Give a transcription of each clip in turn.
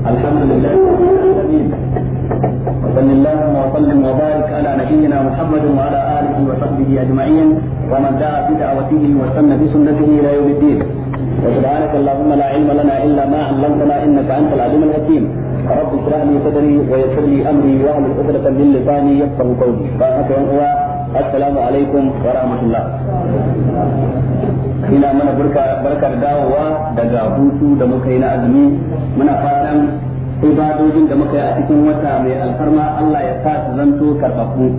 الحمد لله رب العالمين وصل اللهم وسلم وبارك على نبينا محمد وعلى اله وصحبه اجمعين ومن دعا بدعوته واستنى بسنته الى يوم الدين وسبحانك اللهم لا علم لنا الا ما علمتنا انك انت العليم الحكيم رب اشرح لي صدري ويسر لي امري واعمل عقدة من لساني يفقه قولي فاك assalamu alaikum wa الله ina mana barkar dawowa daga hutu da muka yi na azumi muna fatan ibadojin da muka yi a cikin wata mai alfarma Allah ya sa su zanto karbabu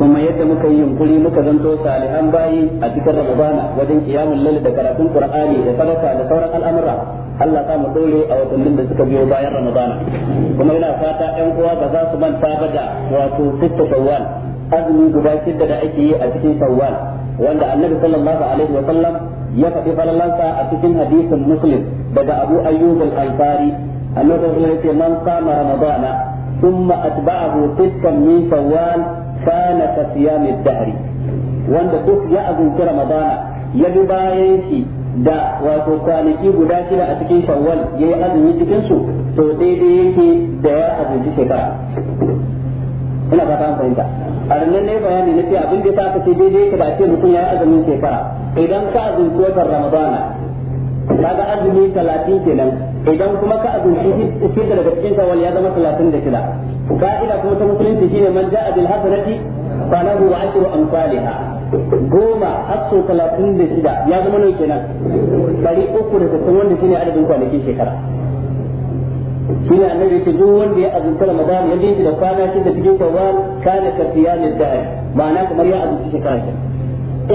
kuma yadda muka yi yunkuri muka zanto salihan bayi a cikin Ramadana wajen kiyamun lalle da karatun Qur'ani da sadaka da sauran al'amura Allah ta mu dore a watannin da suka biyo bayan Ramadana kuma ina fata ƴan uwa ba za su manta ba da wato sitta Shawwal azumi guda shidda da ake yi a cikin shawwal wanda annabi sallallahu alaihi wa sallam ya faɗi falalansa a cikin hadisin muslim daga abu ayyub al-ansari annabi sallallahu alaihi wa man qama ramadana thumma atba'ahu sittan min shawwal kana ka siyam ad-dahr wanda duk ya azumci ramadana ya bi bayan shi da wato kwanaki guda shida a cikin shawwal yayi azumi cikin su to daidai yake da ya azumci shekara ina fata an fahimta a nan ne bayani na ce abin da ya saka ce daidai ka da ce mutum ya yi azumin shekara idan ka azumci watan ramadana kaga azumi talatin kenan idan kuma ka azumci shi daga cikin shawwal ya zama talatin da shida ka'ida kuma ta musulunci shine man ja'a bil hasanati falahu ashru amsalha goma har talatin da shida ya zama nawa kenan Bari uku da sittin wanda shine adadin kwanakin shekara shi ne annabi ce duk wanda ya azumta ramadan ya bi da kwana shi da cikin shawwal kana ka siyamin da'i ma'ana kamar ya azumta shi ke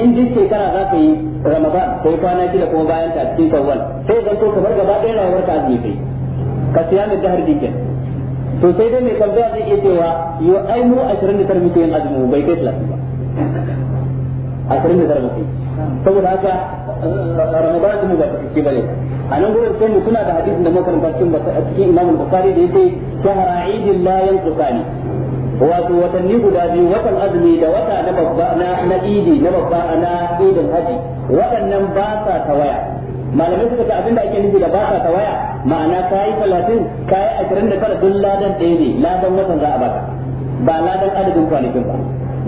in duk shekara za ka yi ramadan sai kwana shi da kuma bayan ta cikin shawwal sai zan to kamar gaba ɗaya rayuwar ka azumi kai ka siyamin dahar dikin to sai dai mai tambaya zai iya cewa yo ai mu 29 muke yin azumi bai kai 30 ba a 29 muke saboda haka ramadan mu ba ta cike bane a nan gurin sai kuna da hadisin da makaranta a cikin Imam Bukhari da yake shahara idin la yanqusani wato watanni guda biyu watan azumi da wata na babba na na idi na babba na idin haji waɗannan ba sa tawaya malamai suka ce abinda ake nufi da ba sa tawaya ma'ana kayi 30 kayi 29 duk ladan ɗaya ne ladan watan za a baka ba ladan adadin kwanakin ba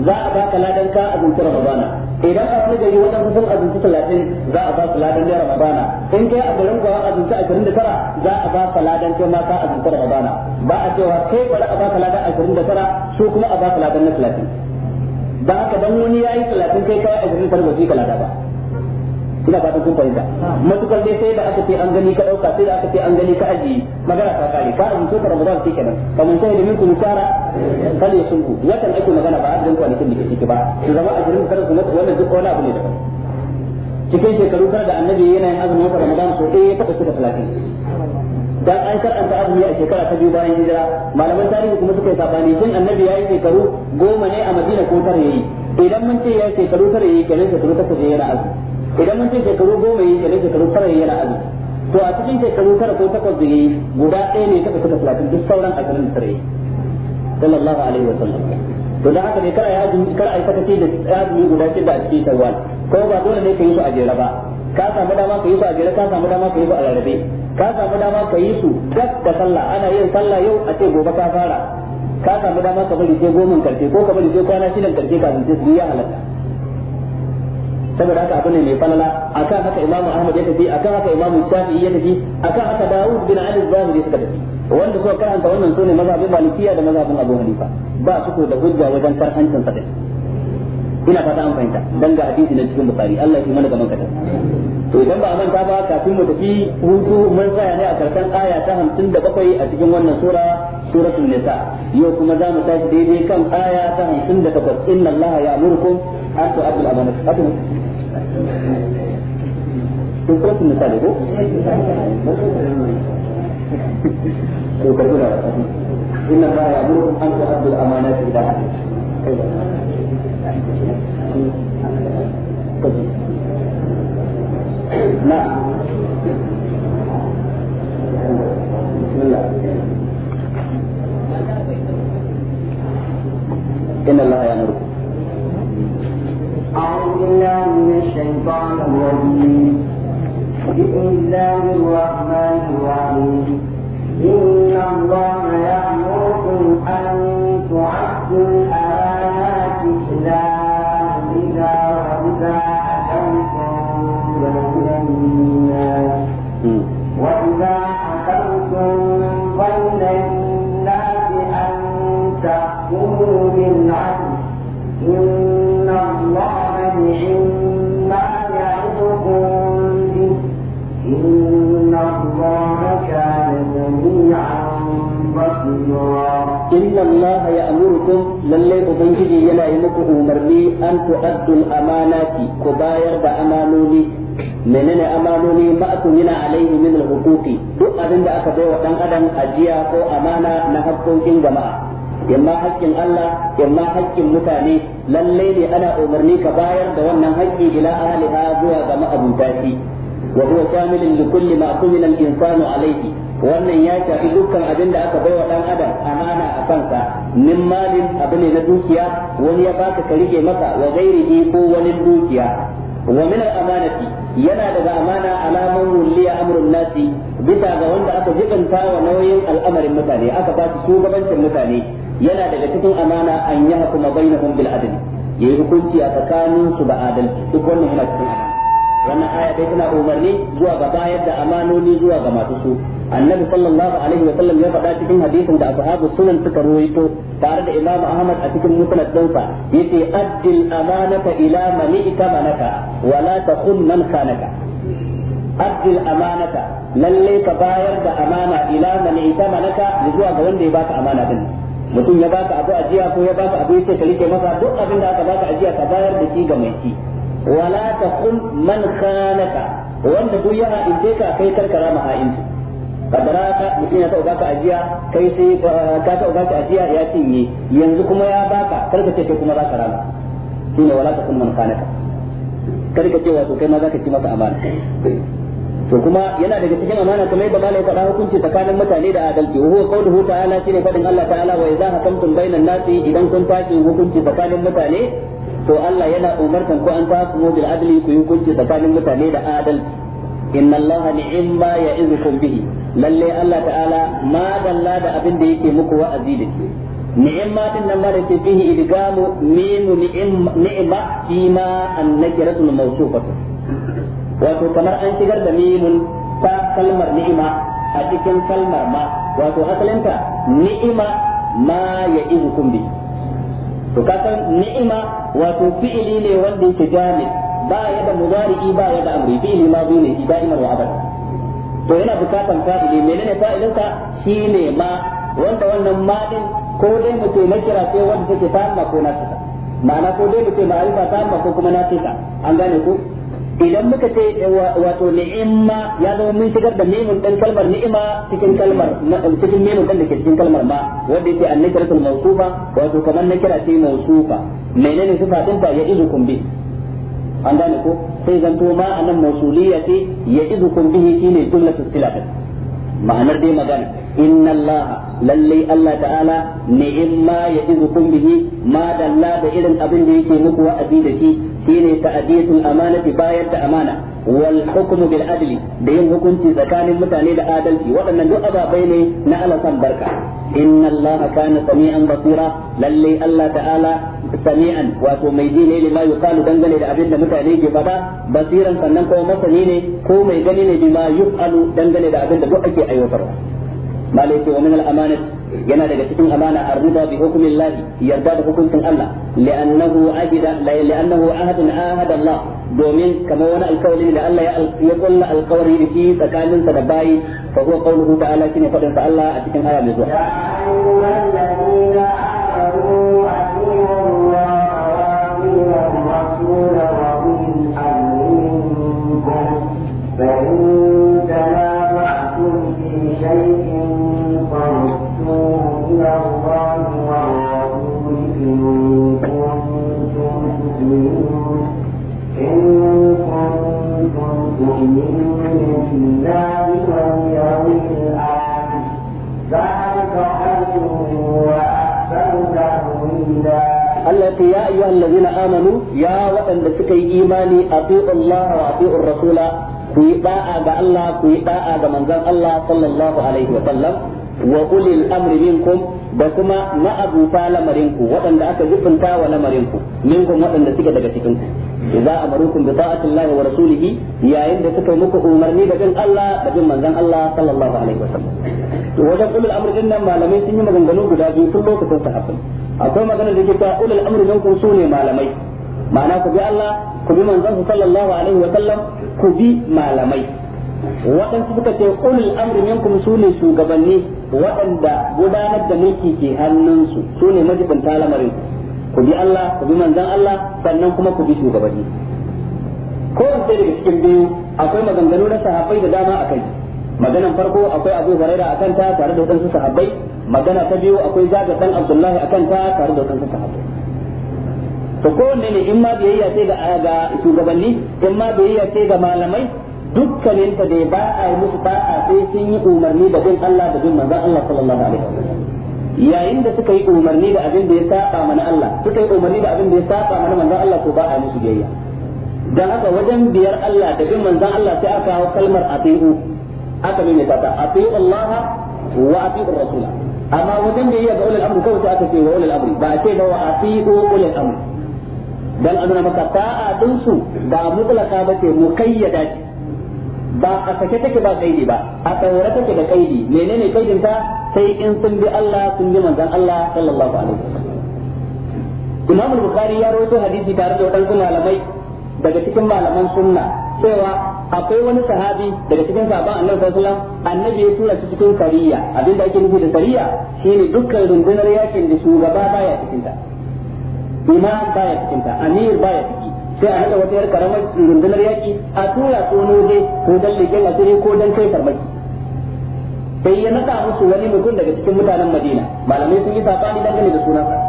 za a baka ladan ka abinci ramadana idan a wani gari wajen sun abinci talatin za a baka ladan na ramadana in kai a garin kuwa abinci ashirin da tara za a baka ladan kai ma ka azumci ramadana ba a cewa kai bari a baka ladan ashirin da tara su kuma a baka ladan na talatin ba haka dan wani yayi talatin kai kai ashirin da tara ba ka ba ina fatan kun fahimta matukar dai sai da aka ce an gani ka dauka sai da aka ce an gani ka aji magana ta kare ka rubuta ka ramadan sai kenan kamar sai da minkum sara kan ya sunku yakan ake magana ba adadin kwanakin da ciki ba su zama ajirin kar su mutu wannan duk wani abu ne daban cikin shekaru kar da annabi yana yin azumin wata ramadan so ɗaya ya taɓa shi da talatin dan an karanta azumi a shekara ta biyu bayan hijira malaman tarihi kuma suka yi sabani tun annabi yayi shekaru goma ne a madina ko tara yayi idan mun ce yi shekaru tara yayi kenan shekaru takwas yana azumi idan mun ce shekaru goma yi kenan shekaru tara yi yana azumi to a cikin shekaru tara ko takwas da yayi guda ɗaya ne taɓa kuka talatin duk sauran a da tare sallallahu alaihi wa sallam to da haka ne kar ai azumi kar ai sakaci da azumi guda shida a cikin tarwal ko ba dole ne ka yi su a jere ba ka samu dama ka yi su a jere ka samu dama ka yi su a rarrabe ka samu dama ka yi su duk da sallah ana yin sallah yau a ce gobe ka fara ka samu dama ka bari sai goma karshe ko ka bari sai kwana shidan karshe kafin sai su yi halatta saboda haka abu ne mai falala akan haka imamu ahmad ya tafi akan haka imamu shafi'i ya tafi akan haka dawud bin ali zahiri suka tafi wanda suka karanta wannan sune mazhabin malikiya da mazhabin abu hanifa ba su ko da hujja wajen karhancin sa ina fata an fahimta dan ga hadisi na cikin bukhari Allah ya mana gaban kada to idan ba manta ba kafin mu tafi hutu mun tsaya ne a karshen aya ta 57 a cikin wannan sura suratul nisa yau kuma za mu tashi daidai kan aya ta 58 inna allaha ya'murukum har to abdul ko sun ko أعوذ بالله من الشيطان الرجيم بسم الله الرحمن الرحيم إن الله يأمركم أن تعدوا الأمانات إلى yi muku umarni an tu'addul amanati ku bayar da amanoni menene amanoni ma'akum yana alaihi min hukuki duk abin da aka wa dan adam ajiya ko amana na hakkokin jama'a imma haƙƙin Allah imma haƙƙin mutane lalle ne ana umarni ka bayar da wannan haƙƙi ila ahliha zuwa ga ma'abuta shi wa huwa kamilun li kulli ma kumina al-insanu wannan ya shafi dukkan abin da aka baiwa dan adam amana a kansa min malin abu ne na dukiya wani ya baka ka rike maka wa ghairihi ko wani dukiya wa min amanati yana daga amana alamar wulliya amrun nasi bisa ga wanda aka jibanta wa nauyin al'amarin mutane aka ba su shugabancin mutane yana daga cikin amana an yahkuma bainahum bil adl yayi hukunci a tsakanin su da adalci duk wannan yana cikin wannan aya dai tana umarni zuwa ga bayar da amanoni zuwa ga masu su annabi sallallahu alaihi wa sallam ya faɗa cikin hadisin da ashabu sunan suka ruwaito tare da imam ahmad a cikin musnad dinsa yace addil amanata ila man itamanaka wa la takhun man khanaka addil amanata lalle ka bayar da amana ila man itamanaka zuwa ga wanda ya baka amana din mutum ya baka abu ajiya ko ya baka abu yace ka rike masa duk abin da aka baka ajiya ka bayar da shi ga mai shi wala kun man khanaka wanda duk ya ha'ince ka kai karkara ma ha'inci kadara ka mutum ya taɓa ka ajiya kai sai ka taɓa baka ajiya ya cinye yanzu kuma ya baka karka ce kai kuma za ka rama shine wala kun man khanaka karka ce wato kai ma za ka ci masa amana to kuma yana daga cikin amana kamar yadda malai faɗa hukunci tsakanin mutane da adalci wa huwa qawluhu ta'ala shine faɗin Allah ta'ala wa idza hakamtum bainan nasi idan kun tashi hukunci tsakanin mutane to Allah yana umartan ku an taqumu bil adli ku yi hukunci tsakanin mutane da adalci inna Allah ni'imma ya'izukum bihi lalle Allah ta'ala ma dalla da abin da yake muku wa'azi da shi ni'imma din nan ma da ke fihi idgamu min ni'imma kima annakiratul mawsufatu wato kamar an shigar da mimun ta kalmar ni'ima a cikin kalmar ma wato asalinta ni'ima ma ya'izukum bihi to ka san ni'ima wato fi'ili ne wanda yake jami ba ya da mudari'i ba ya da amri fi'ili ma bi ne shi da'imar wa abada to yana bukatan fa'ili menene fa'ilin ka shine ma wanda wannan ma din ko dai mu ce na kira ce wanda take ta ko na ma'ana ko dai mu ce ma'arifa ta ko kuma na an gane ku idan muka ce eh, wato ni'imma ya zama mun shigar da mimun dan kalmar ni'ima cikin kalmar cikin mimun dan da ke cikin kalmar ma wanda yake annakiratul mawsufa wato kamar kira sai mawsufa menene sifa din ta ya'izukum bi an gane ko sai zanto ma anan mawsuliyya ce ya'izukum bihi shine jumlatul silatin ma'anar dai magana inna Allah lalle Allah ta'ala ya ya'idukum bihi ma dalla da irin abin da yake muku wa'azi da shi shine ta'diyatul amanati bayan ta amana wal hukmu bil adli da yin hukunci tsakanin mutane da adalci waɗannan duk ababai ne na alasan barka inna Allah kana sami'an basira lalle Allah ta'ala sami'an wato mai ji ne lima yuqalu dangane da abin mutane ke faɗa basiran sannan kuma masani ne ko mai gani ne bima yuqalu dangane da abin da duk ake aiwatarwa malai ce wa min yana daga cikin amana arriba yarda da hukuncin Allah li'annahu ahida li'annahu domin kamar wani alkawari da Allah ya kulla alkawari da shi tsakaninsa da bayi fa huwa qawluhu ta'ala shine fadin sa Allah a cikin aya mai zuwa Thank you. Allah ya ce ya ayyuha amanu ya waɗanda suka yi imani ati'u Allah wa ati'u rasula ku yi da'a ga Allah ku yi da'a manzon Allah wa ulil amri minkum da kuma ma'abuta lamarin ku waɗanda aka jibinta wa lamarin ku minkum waɗanda suke daga cikin ku idza amarukum bi ta'ati Allah wa rasulih yayin da suka muku umarni da bin Allah da bin manzon Allah sallallahu alaihi wasallam to wajen ulil amri din nan malamai sun yi maganganu guda biyu tun lokacin sahabbai akwai magana da ke ta ulul amri minkum sune malamai ma'ana ku bi Allah ku bi manzon sallallahu alaihi wasallam ku bi malamai waɗansu suka ce ulul amri minkum su ne shugabanni waɗanda gudanar da mulki ke hannunsu su ne majibanta lamarin ku bi Allah ku bi manzon Allah sannan kuma ku bi shugabanni ko sai daga cikin biyu akwai maganganu na sahabbai da dama akai maganan farko akwai Abu Hurairah akan ta tare da wadansu sahabbai magana ta biyu akwai Jabir dan Abdullahi akan ta tare da wadansu sahabbai to kowanne ne in ma biyayya ce ga shugabanni in ma biyayya ce ga malamai dukkanin ta dai ba a yi musu a sai sun yi umarni da bin Allah da bin manzon Allah sallallahu alaihi wasallam yayin da suka yi umarni da abin da ya saba mana Allah suka yi umarni da abin da ya saba mana manzon Allah ko ba a yi musu biyayya dan haka wajen biyar Allah da bin manzon Allah sai aka kawo kalmar ati'u aka ne ta ta ati'u Allah wa ati'u rasul amma wajen yi ga ulul amri kawai sai aka ce wa ulul amri ba a ce ba wa ati'u ulul amri dan azna maka ta'a din su ba mutlaka ba ce mukayyada ce ba a sake take ba kaidi ba a tsawara take da kaidi menene kaidin ta sai in sun bi Allah sun bi manzon Allah sallallahu alaihi wasallam Imam Bukhari ya rawaito hadisi tare da wadansu malamai daga cikin malaman sunna cewa akwai wani sahabi daga cikin sahabban Annabi sallallahu alaihi wasallam annabi ya tura shi cikin sariya abin da ake nufi da sariya shine dukkan rundunar yakin da shugaba baya cikin ta imam baya cikin ta amir baya cikin sai a haɗa wata yar karamar rundunar yaƙi a tura su waje ko dan leƙen asiri ko dan kai farmaki sai ya naɗa musu wani mutum daga cikin mutanen madina malamai sun yi saɓani dangane da sa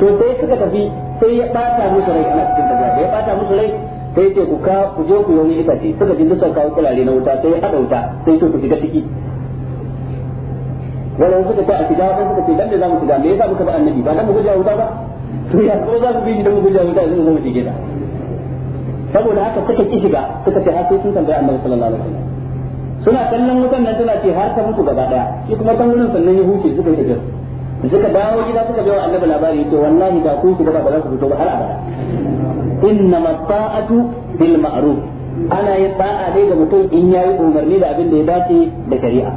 to sai suka tafi sai ya ɓata musu rai ana cikin tafiya da ya ɓata musu rai sai ce ku ka ku je ku yi itace suka ji dukkan kawo kulare na wuta sai ya haɗa wuta sai ce ku shiga ciki wanda suka ce a shiga wanda suka ce dan da za mu shiga me yasa muka ba annabi ba dan mu gujewa wuta ba to ya ko za ku bi da mu guja mu da mu mu gida saboda haka suka ki shiga suka ce har ah, sai sun tambaye annabi sallallahu alaihi wasallam suna kallon wutan nan suna ce har ta mutu gaba daya shi kuma kan sannan ya huce suka yi suka dawo gida suka bai wa annabi labari yace wallahi da ku shiga ba za ku fito ba har abada inna mata'atu bil ma'ruf ana yin ba'a dai ga mutum in yayi umarni da abin da ya dace da shari'a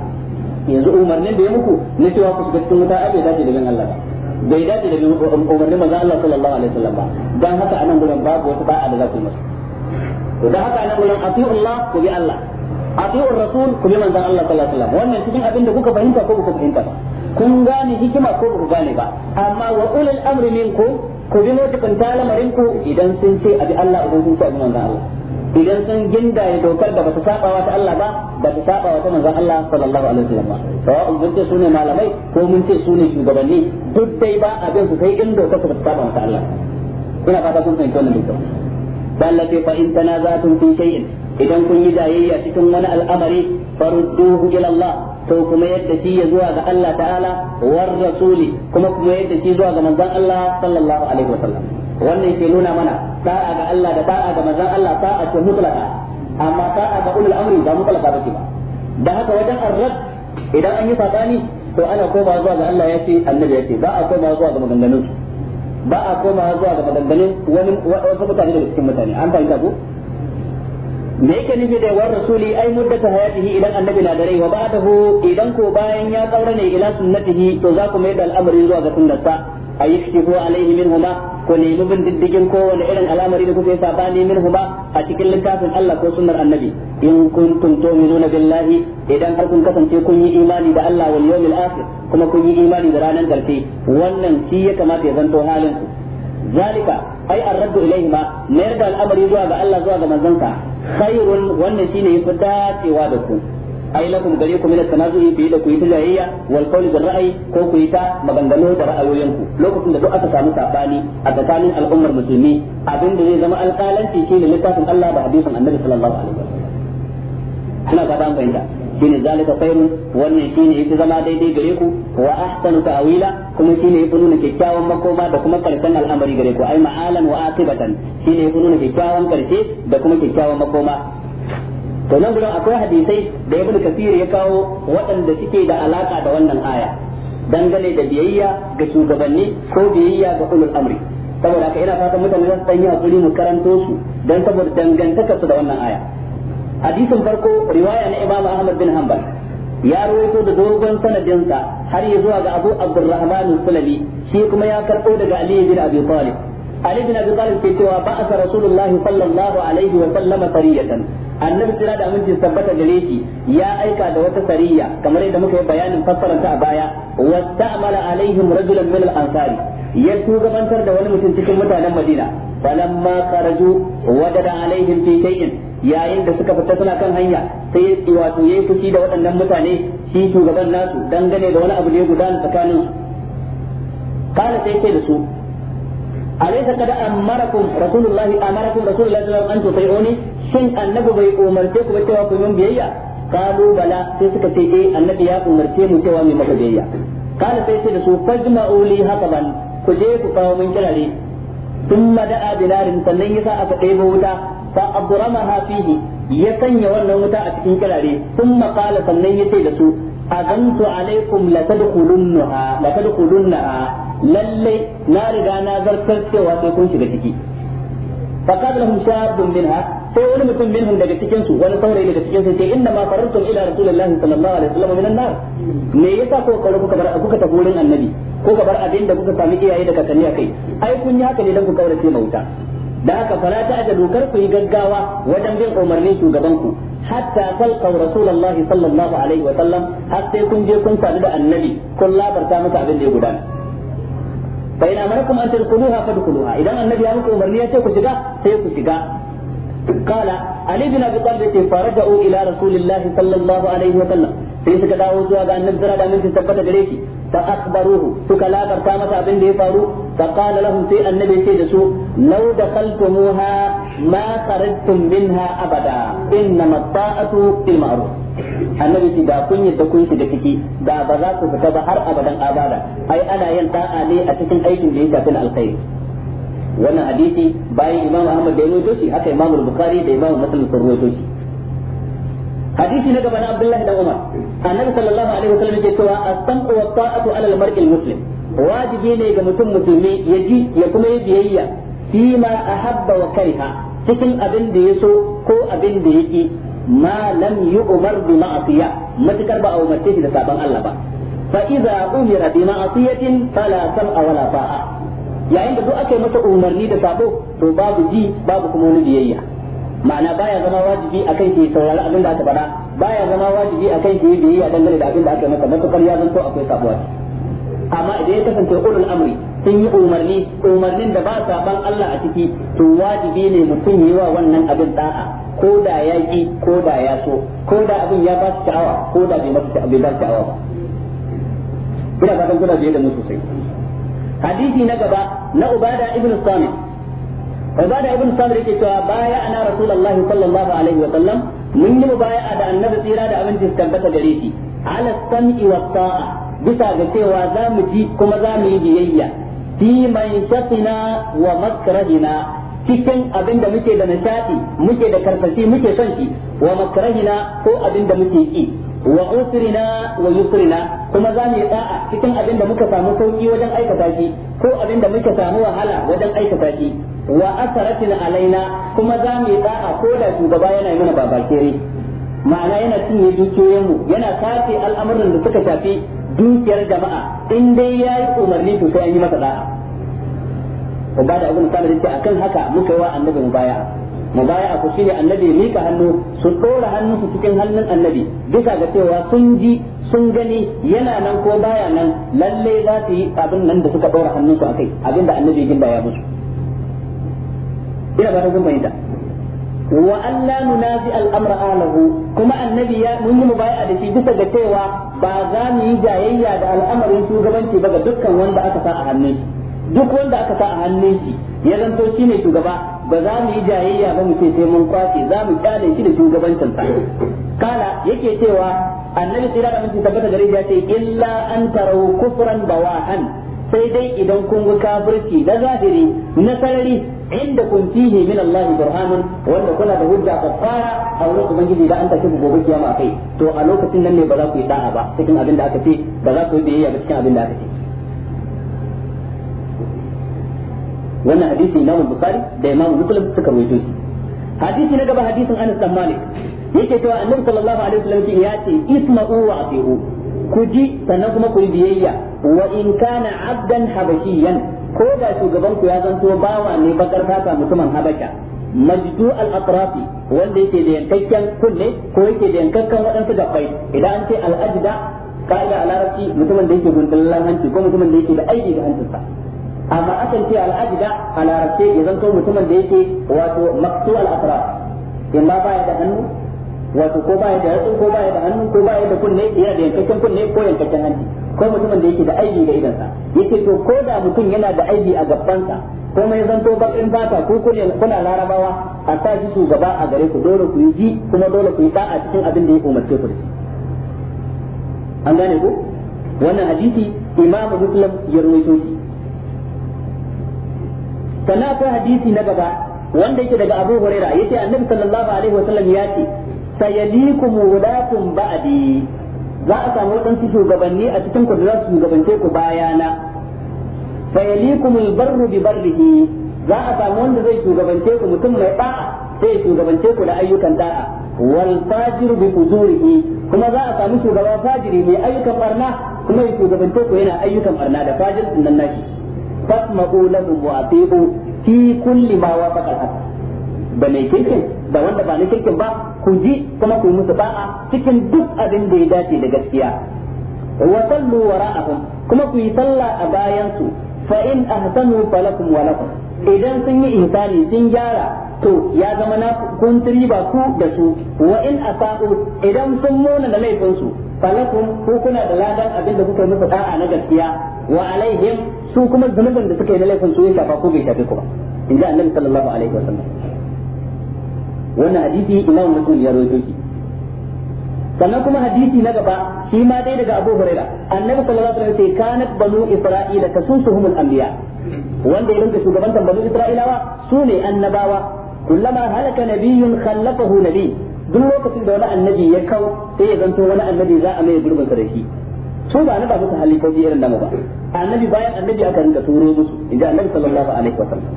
yanzu umarnin da ya muku na cewa ku shiga cikin wuta ai bai dace da bin Allah bai dace da umarnin manzon Allah sallallahu alaihi wasallam ba dan haka anan gurin babu wata ba'a da za ku yi masa to dan haka anan gurin atiyu Allah ku bi Allah atiu rasul ku bi manzon Allah sallallahu alaihi wasallam wannan cikin abin da kuka fahimta ko kuka fahimta ba kun gane hikima ko kuka gane ba amma wa ulul amri minkum ku bi mutukan talamarin ku idan sun ce abi Allah idan sun ce abi manzon Allah idan sun gindaye dokar da bata saba wa ta Allah ba da ta saba wa ta manzon Allah sallallahu alaihi wasallam ba sawa'un mun ce sune malamai ko mun ce sune shugabanni duk dai ba abin su sai in dokar su bata saba wa ta Allah ina fata kun fahimci wannan dukkan ballati fa in tanazatum fi shay'in idan kun yi jayayya cikin wani al'amari farudduhu ila Allah to kuma yadda shi ya zuwa ga Allah ta'ala war rasuli kuma kuma yadda shi zuwa ga manzon Allah sallallahu alaihi wasallam wannan ke nuna mana ta'a ga Allah da da'a ga manzon Allah da'a ce mutlaka amma ta'a ga ulul amri ba mutlaka bace ba da haka wajen arrad idan an yi fadani to ana koma zuwa ga Allah yace annabi yace ba a koma zuwa ga maganganun ba a koma zuwa ga maganganun wani wasu mutane daga cikin mutane an fahimta ko me yake nufi da war rasuli ai muddatu hayatihi idan annabi na da rai wa ba'dahu idan ko bayan ya kaura ne ila sunnatihi to za ku mai da al'amari zuwa ga sunnarsa ayyuhu alaihi minhuma ku nemi bin diddigin kowane irin al'amari da kuke yi sabani minhu huma a cikin littafin Allah ko sunnar annabi in kuntum tu'minuna billahi idan har kun kasance kun yi imani da Allah wal yawmil akhir kuma kun yi imani da ranar karshe wannan shi ya kamata ya zanto halin ku zalika ai arraddu ma mayar da al'amari zuwa ga Allah zuwa ga manzansa khairun wannan shine yafi dacewa da ku ai lakum gare ku min at-tanazu'i bi da ku yi tayayya wal qawli bil ra'yi ko ku yi ta maganganu da ku lokacin da duk aka samu sabani a tsakanin al'ummar musulmi abin da zai zama alƙalanci shine littafin Allah da hadisin Annabi sallallahu alaihi wasallam ina fata an fahimta shine zalika khairun wannan shine yafi zama daidai gare ku wa ahsanu ta'wila kuma shine yafi nuna kyakkyawan makoma da kuma karshen al'amari gare ku ai ma'alan wa aqibatan shine yafi nuna kyakkyawan karshe da kuma kyakkyawan makoma to nan gudan akwai hadisai da ya ibnu kasir ya kawo waɗanda suke da alaƙa da wannan aya dangane da biyayya ga shugabanni ko biyayya ga ulul amri saboda haka ina fatan mutane za su danyi hakuri mu karanto su dan saboda dangantakar su da wannan aya hadisin farko riwaya na imamu ahmad bin hanbal ya rawaito da dogon sanadinsa har ya zuwa ga abu abdurrahman sulami shi kuma ya karɓo daga ali bin abi talib Ali bin Abi Talib ke cewa ba a Rasulullah sallallahu alaihi wa sallama sariyatan annabi jira da aminci tabbata da shi ya aika da wata sariya kamar yadda muka yi bayanin fassaranta a baya wasta'mala alaihim rajulan min al-ansari ya shugabantar da wani mutum cikin mutanen Madina falamma kharaju wajada alaihim fi shay'in yayin da suka fita suna kan hanya sai wato yayi fushi da waɗannan mutane shi shugaban nasu dangane da wani abu da ya gudana su kana sai ce da su أليس قد أمركم رسول الله أمركم رسول الله صلى الله عليه وسلم أن تطيعوني سن النبي بي أمرتك بتوا من يوم بيئة قالوا بلى سيسك تيئي النبي يا أمرتي متوا من مكبيئة قال سيسي رسو فاجمعوا لي هطبا كجيك قوم جلالي ثم دعا بنار تنيسا يسا وتا فأضرمها فيه يتنى ونوتا وتا أتكين كلالي ثم قال تنيسي يسي a alaikum la tadkhulunha la tadkhulunha lalle na riga na zartar cewa sai kun shiga ciki fa qad lahum shabun minha sai wani mutum minhum daga cikin su wani saurayi daga cikin su sai ma farantan ila rasulillahi sallallahu alaihi wasallam minan nar me yasa ko kare kuka tafi wurin annabi ko ka bar abin da kuka sami iyaye da kakanni kai. ai kun yi haka ne dan ku kaurace mauta da aka fara ta ajalu kar ku yi gaggawa wajen bin umarnin shugaban ku hatta talqaw rasulullahi sallallahu alaihi wa sallam har sai kun je kun sadu da annabi kun labarta masa abin da ya gudana fa ina marakum an tadkhuluha fadkhuluha idan annabi ya muku umarni ya ce ku shiga sai ku shiga qala ali bin abi talib ce faraja'u ila rasulillahi sallallahu wa sai suka dawo zuwa ga annabi sura da mintin tabbata gare shi fa akbaruhu suka labarta masa abin da ya faru fa qala lahum sai annabi sai da su law dakaltumuha ma qaratum minha abada inna mata'atu fil ma'ruf annabi sai da kun yadda kun shi da ciki da ba za ku fita ba har abadan abada ai ana yin da'a ne a cikin aikin da ya shafi alkhairi wannan hadisi bayan imamu ahmad da ya rawaito shi haka imamu bukhari da imamu muslim sun rawaito shi hadisi na gaba na Abdullahi dan Umar annabi sallallahu alaihi wasallam yake cewa as-sam'u wat-ta'atu 'ala al-mar'i al-muslim wajibi ne ga mutum musulmi ya ji ya kuma yi biyayya fi ma habba wa kariha cikin abinda ya so ko abin da yake ma lam yu'mar bi ma'siya matakar ba a umarce shi da saban Allah ba fa idza umira bi ma'siyatin fala sam'a wala ta'a yayin da duk aka yi masa umarni da sabo to babu ji babu kuma wani biyayya ma'ana baya zama wajibi a kan shi saurari abin da aka faɗa baya zama wajibi a akan shi biyayya dangane da abin da aka maka matukar ya zanto akwai sabuwa amma idan ya kasance ulul amri sun yi umarni umarnin da ba saban Allah a ciki to wajibi ne mutum yi wa wannan abin da'a ko da ya ki ko da ya so ko da abin ya ba su sha'awa ko da bai masa bai ba sha'awa ba ina fatan kuna biye da mu sosai hadisi na gaba na ubada ibnu samit Ubada Ibn Sabir yake cewa baya ana Rasulullahi sallallahu alaihi wa sallam mun yi mubaya'a da annabi tsira da abin tantaka gare shi ala bisa ga cewa za mu kuma za yi biyayya fi wa makrahina cikin abin da muke da nishadi muke da karsashi muke son shi wa makrahina ko abin da muke ki wa usrina wa yusrina kuma za mu yi da'a cikin abin da muka samu sauki wajen aikata shi ko abin da muka samu wahala wajen aikata shi wa asaratin alaina kuma za mu yi da'a ko da shugaba yana yi mana babakere ma'ana yana cinye mu yana kase al'amuran da suka shafi dukiyar jama'a in dai yayi umarni to sai an yi masa da'a ubada ibn salih yace akan haka muka yi wa annabi mubaya'a mubaya'a ku shine annabi ya mika hannu su dora hannu su cikin hannun annabi bisa ga cewa sun ji sun gani yana nan ko baya nan lalle za su yi abin nan da suka dora hannun su akai abinda annabi ya ginda musu ina ba ta gumbayin ta wa an nunazi al'amra alahu kuma annabi ya mun yi mubaya'a da shi bisa ga cewa ba za mu yi jayayya da al'amarin shugabanci ba ga dukkan wanda aka sa a hannun shi duk wanda aka sa a hannun shi ya zanto shi ne shugaba ba za mu yi jayayya ba mu ce sai mun kwace za mu kyale shi da shugabancin sa kala yake cewa annabi sai da mun tabbata gare ya ce illa an tarau kufran bawahan sai dai idan kun ga kafirci na zahiri na sarari inda kun fihi min Allah burhanun wanda kuna da hujja fara a wurin ubangiji da an take ku gobe kiyama kai to a lokacin nan ne ba za ku yi da'a ba cikin abin da aka ce ba za ku yi biyayya ba cikin abin da aka ce wannan hadisi Imam Bukhari da Imam Muslim suka rawaito shi hadisi na gaba hadisin Anas bin Malik yake cewa Annabi sallallahu alaihi wasallam ya ce isma'u wa ati'u ku ji sannan kuma ku yi biyayya wa in kana abdan habashiyan ko da shugaban ku ya zanto bawa ne bakar fata mutumin habasha majdu al-atrafi wanda yake da yankakken kunne ko yake da yankakken waɗansu gabbai idan an ce al-ajda ka'ida a larabci mutumin da yake gundullar hanci ko mutumin da yake da aiki da hancinsa amma akan ce al'ajida a larabce ya zanto mutumin da yake wato maktu al'afra in ba baya da hannu wato ko baya da yatsu ko baya da hannu ko baya da kunne yana da yankakken kunne ko yankakken hannu ko mutumin da yake da aiki da idansa yake to ko da mutum yana da aiki a gabansa ko mai zanto bakin fata ko kuna larabawa a sa shi shugaba a gare ku dole ku yi ji kuma dole ku yi ba a cikin abin da ya umarce ku an gane ku wannan hadisi imamu muslim ya rawaito shi sannan akwai hadisi na gaba wanda yake daga Abu Huraira yace Annabi sallallahu alaihi wasallam ya ce sayalikum wulakum ba'di za a samu waɗansu shugabanni a cikin ku da za su shugabance ku bayana sayalikum albarru bi barrihi za a samu wanda zai shugabance ku mutum mai ba'a sai shugabance ku da ayyukan da'a wal fajir bi fujurihi kuma za a samu shugaba fajiri mai ayyukan barna kuma ya shugabance ku yana ayyukan barna da fajir nan naki fasma'u lahum wa ati'u fi kulli ma wafaqa al-haq da mai da wanda ba na kirkin ba ku ji kuma ku musu ba'a cikin duk abin da ya dace da gaskiya wa sallu wara'ahum kuma ku yi sallah a bayan su fa in ahsanu falakum wa lakum idan sun yi insani sun gyara to ya zama na kun riba ku da su wa in asa'u idan sun mona da laifinsu su falakum ku kuna da ladan abin da kuka musu da'a na gaskiya wa alaihim su kuma zunubin da suka yi na laifin su ya shafa ko bai shafe ku ba in ji annabi sallallahu alaihi wasallam wannan hadisi imam muslim ya rawaito shi sannan kuma hadisi na gaba shi ma dai daga Abu Huraira annabi sallallahu alaihi wasallam sai kanat banu isra'ila tasusuhum al-anbiya wanda ya rinka shugabantan banu isra'ilawa su ne annabawa kullama halaka nabiyyun khallafahu nabiy duk lokacin da wani annabi ya kau sai ya zanto wani annabi za a mai gurbin sa da shi su ba ni ba musu halifofi irin namu ba annabi bayan annabi aka rinka turo musu inda annabi sallallahu alaihi wasallam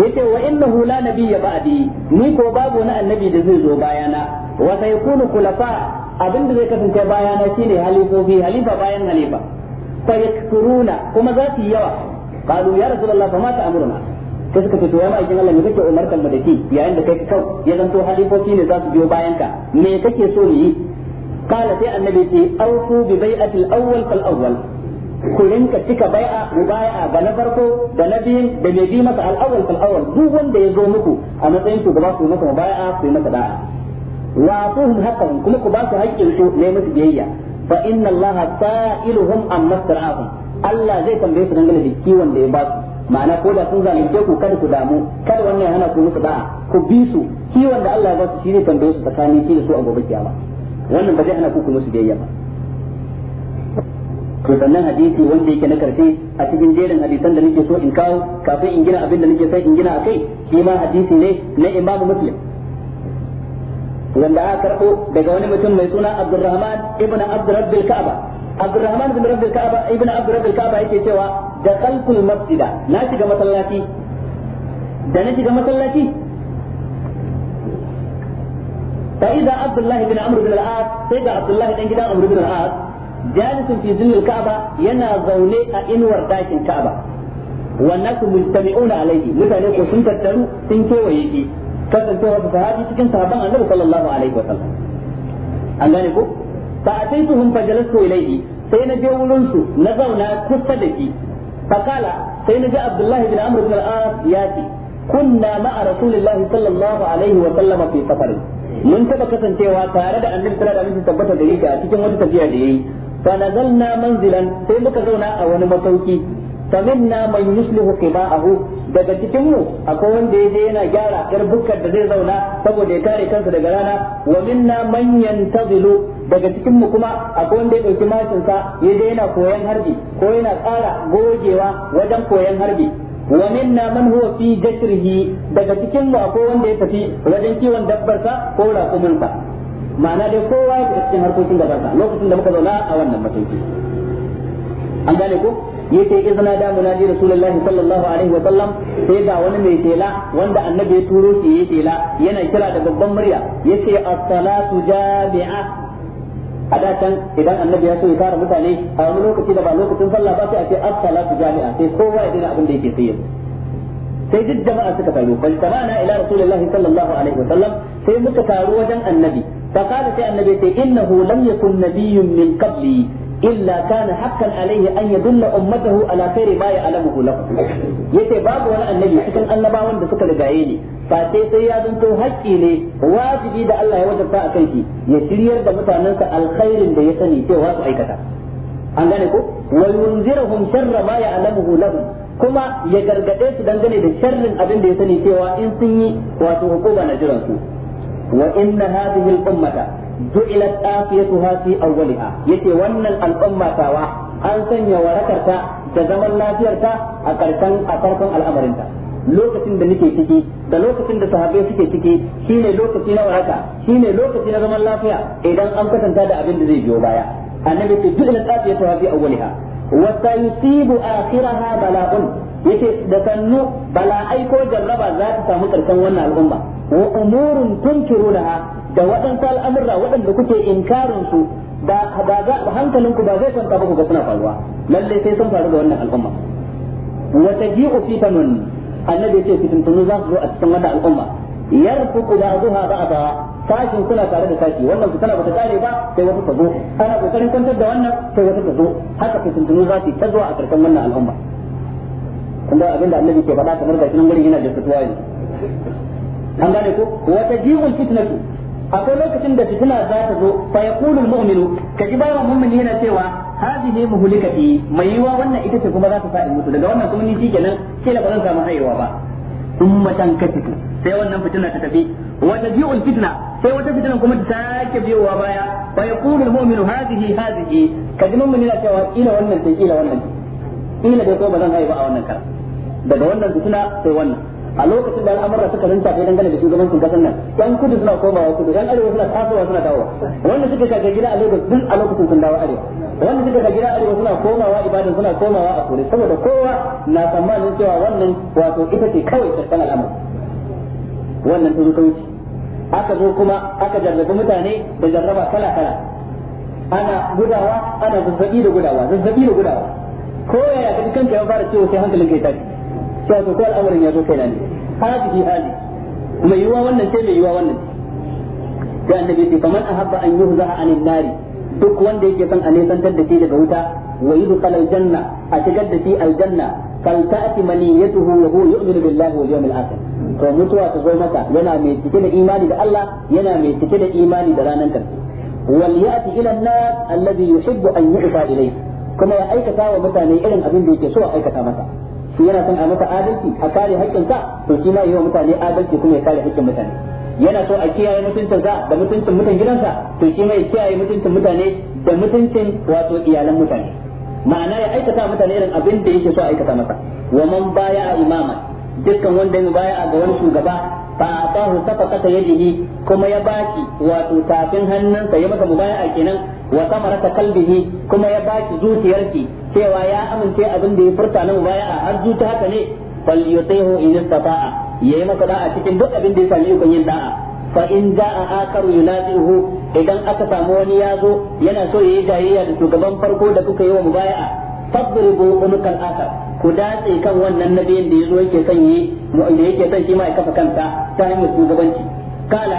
yace wa innahu la nabiyya ba'di ni ko babu na annabi da zai zo bayana wa sayakunu khulafa abin da zai kasance bayana shine halifofi halifa bayan halifa fa yakthuruna kuma za su yi yawa qalu ya rasulullah fa ma ta'muruna sai suka ce to ya ma'aikin Allah ne kake umartar mu da shi yayin da kai kau ya zanto halifofi ne za su biyo bayanka ka me kake so yi qala sai annabi ce awfu bi bai'atil awwal fal awwal ku rinka cika bai bai'a mubai'a ga na farko da na biyun da mai bi masa al-awwal fal awwal duk wanda ya zo muku a matsayin shugaba ku masa mubai'a ku yi masa da'a wa atuhum kuma ku ba su haƙƙin su ne musu biyayya fa inna allaha sa'iluhum a sar'ahum Allah zai tambaye su dangane da kiwon da ya ba su ma'ana ko da sun zalunce ku kada ku damu kada wannan ya hana ku musu da'a ku bi su kiwon da Allah ya ba su shine tambaye su tsakanin ki da su a gobe kiyama wannan ba zai hana ku kuma su biyayya ba to sannan hadisi wanda yake na karshe a cikin jerin hadisan da nake so in kawo kafin in gina abin da nake sai in gina akai shi ma hadisi ne na Imam Muslim wanda aka karbo daga wani mutum mai suna Abdurrahman ibn Abdurrabbil Ka'aba Abdurrahman ibn Rabbil Ka'aba ibn Abdurrabbil Ka'aba yake cewa da kalkul masjida na shiga masallaci da na shiga masallaci فإذا عبد الله بن عمرو بن العاص سيدا عبد الله بن جدان عمرو بن العاص جالس في ظل الكعبة ينا زوني إنور داك الكعبة والناس مجتمعون عليه مثلا يقول سنت الترو سنت ويجي كسر توها فهذه تكن صحابة النبي صلى الله عليه وسلم أنغاني كو فأتيتهم فجلست إليه سينا جولنسو نزونا كستدكي فقال سينا عبد الله بن عمرو بن العاص ياتي كنا مع رسول الله صلى الله عليه وسلم في سفره mun taba kasancewa tare da annabi sallallahu alaihi wasallam tabbata da yake a cikin wata tafiya da yayi fa nazalna manzilan sai muka zauna a wani masauki faminna man yuslihu qiba'ahu daga cikin mu akwai wanda ya je yana gyara yar bukkar da zai zauna saboda ya kare kansa daga rana wa minna man yantazilu daga cikin mu kuma akwai wanda ya dauki mashinsa ya je yana koyan harbi ko yana ƙara gogewa wajen koyan harbi wa minna man huwa fi daga cikin mu akwai wanda ya tafi wajen kiwon dabbar sa ko raƙumin sa ma'ana dai kowa ya tafi cikin harkokin gabar sa lokacin da muka zauna a wannan masauki an gane ko yace izna da munadi rasulullahi sallallahu alaihi wa sallam sai ga wani mai tela wanda annabi ya turo shi ya tela yana kira da babban murya yace as-salatu jami'a a da can idan annabi ya so ya tara mutane a wani lokaci da ba lokacin sallah ba sai a ce as-salatu jami'a sai kowa ya dina abin da yake sai sai duk jama'a suka taru bal tamana ila rasulillahi sallallahu alaihi wasallam sai muka taru wajen annabi fa kana sai annabi sai innahu lam yakun nabiyyun min qabli illa kana hakkan alaihi anya yadulla ummatahu ala khairi ma ya'lamuhu lahu yace babu wani annabi cikin annabawan da suka riga ye ni. sai sai ya zanto hakki ne wajibi da Allah ya wajabta a kan shi ya shiryar da mutanensa alkhairin da ya sani cewa su aikata an gane ko wa yunzirahum sharra ma ya'lamuhu lahum kuma ya gargade su dangane da sharrin abin da ya sani cewa in sun yi wato hukuma na jiran su wa inna hadhihi al-ummata ju'ilat afiyatuha fi awwaliha yace wannan al'umma tawa an sanya warakarta da zaman lafiyarta a karshen a farkon al'amarinta lokacin da nake ciki da lokacin da sahabbai suke ciki shine lokaci na waraka shine lokaci na zaman lafiya idan an kasanta da abin da zai biyo baya annabi ce ju'ilat afiyatuha fi awwaliha wa sayusibu akhiraha bala'un yace da sannu bala'ai ko jarraba za ta samu karshen wannan al'umma wa umurun tunkirunaha da waɗansu al'amurra waɗanda kuke inkarin su ba hankalin ku ba zai kwanta ba ku ga suna faruwa lalle sai sun faru da wannan al'umma wa taji'u fitanun annabi ya ce fitintunu za su zo a cikin wannan al'umma yarfuku a ba'daha sashin suna tare da sashi wannan su tana bata kare ba sai wata ta zo ana kokarin kwantar da wannan sai wata ta zo haka fitintunu za su ta zuwa a karshen wannan al'umma kuma abinda annabi ke faɗa kamar da nan gurin yana da fituwa ne an gane ko wata jiwul fitnatu akwai lokacin da fitina za ta zo fa mu'minu ka kaji bayan mu'mini yana cewa hadihi muhlikati mai yiwa wannan ita ce kuma za ta sa in mutu daga wannan kuma ni shikenan sai la bazan samu haihuwa ba ummatan kasitu sai wannan fitina ta tafi wa taji'u fitna sai wata fitina kuma ta sake biyowa baya fa mu'minu hadihi hadihi ka kaji mu'mini yana cewa ila wannan sai ila wannan ila da ko bazan haihu a wannan kar daga wannan fitina sai wannan a lokacin da al'amura suka rinta kai dangane da shugabancin kasar nan yan kudu suna komawa kudu yan arewa suna tasowa suna dawowa wanda suka shaka gida a Lagos duk a lokacin sun dawo arewa wanda suka shaka gida a arewa suna komawa ibadan suna komawa a kudu saboda kowa na tsammanin cewa wannan wato ita ce kawai tsarkan al'amura wannan ta zo aka zo kuma aka jarrabi mutane da jarraba kala kala ana gudawa ana zazzabi da gudawa zazzabi da gudawa ko yaya ka kanka ya fara ciwo sai hankalin kai tashi sai to ko al'amarin ya zo kaina ne hadihi hali mai yiwa wannan sai mai yiwa wannan sai annabi ce faman ahabba an yuhzaha anin nari duk wanda yake son a nesantar da shi daga wuta wa yudkhal aljanna a shigar da shi aljanna fal ta'ti maniyatuhu wa huwa yu'minu billahi wal yawmil akhir to mutuwa ta zo masa yana mai cike da imani da Allah yana mai cike da imani da ranar karshe wal ya'ti ila an-nas alladhi yuhibbu an yu'ta ilayhi kuma ya aikata wa mutane irin abin da yake so a aikata masa shi yana son a masa adalci a kare haƙƙinsa to shi ma yiwa mutane adalci kuma ya kare haƙƙin mutane yana so a kiyaye mutuncinsa da mutuncin mutan gidansa to shi ma ya kiyaye mutuncin mutane da mutuncin wato iyalan mutane ma'ana ya aikata mutane irin abin da yake so aikata masa wa man baya a imama dukkan wanda ya baya ga wani shugaba fa atahu safaqata yadihi kuma ya baki wato tafin hannunsa ya masa mubaya'a kenan wa samarata kalbihi kuma ya baki zuciyarki cewa ya amince abin da ya furta nan baya a har zuta haka ne fal yutihu in istata'a yayi maka da a cikin duk abin da ya sami ikon yin da'a fa in da'a akaru yunazihu idan aka samu wani ya zo yana so yayi jayayya da shugaban farko da kuka yi wa mubaya'a fadribu unukan akar ku datse kan wannan nabiyin da yazo yake son yi da yake son shi ma ya kafa kanta ta hanyar shugabanci kala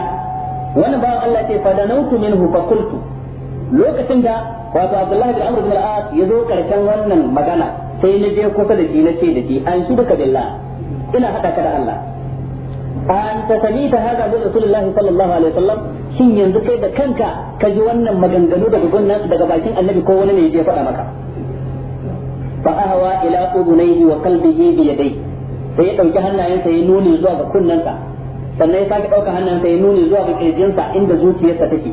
wannan ba Allah ce fadanautu minhu fa qultu lokacin da wato Abdullahi bin Amr bin al-As ya zo karshen wannan magana sai na je kusa da shi na ce da shi an shubaka billah ina hada ka da Allah an ta sani ta haka da Rasulullahi sallallahu alaihi wasallam shin yanzu kai da kanka ka ji wannan maganganu daga gunnan daga bakin Annabi ko wani ne ya faɗa maka fa ahwa ila udunayhi wa qalbihi bi yadayhi sai ya dauki hannayensa ya nuni zuwa ga kunnansa sannan ya sake dauka hannansa ya nuni zuwa ga kirjinsa inda zuciyarsa take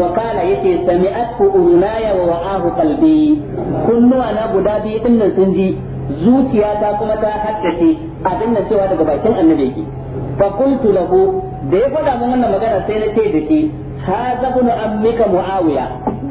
وقال يتي سمعته أذناي ووعاه guda biyu أنا بدابي إن zuciya ta kuma ta haddace abin da cewa daga bakin annabi yake fa qultu lahu da ya faɗa mun wannan magana sai na ce da shi ha zabnu ammika muawiya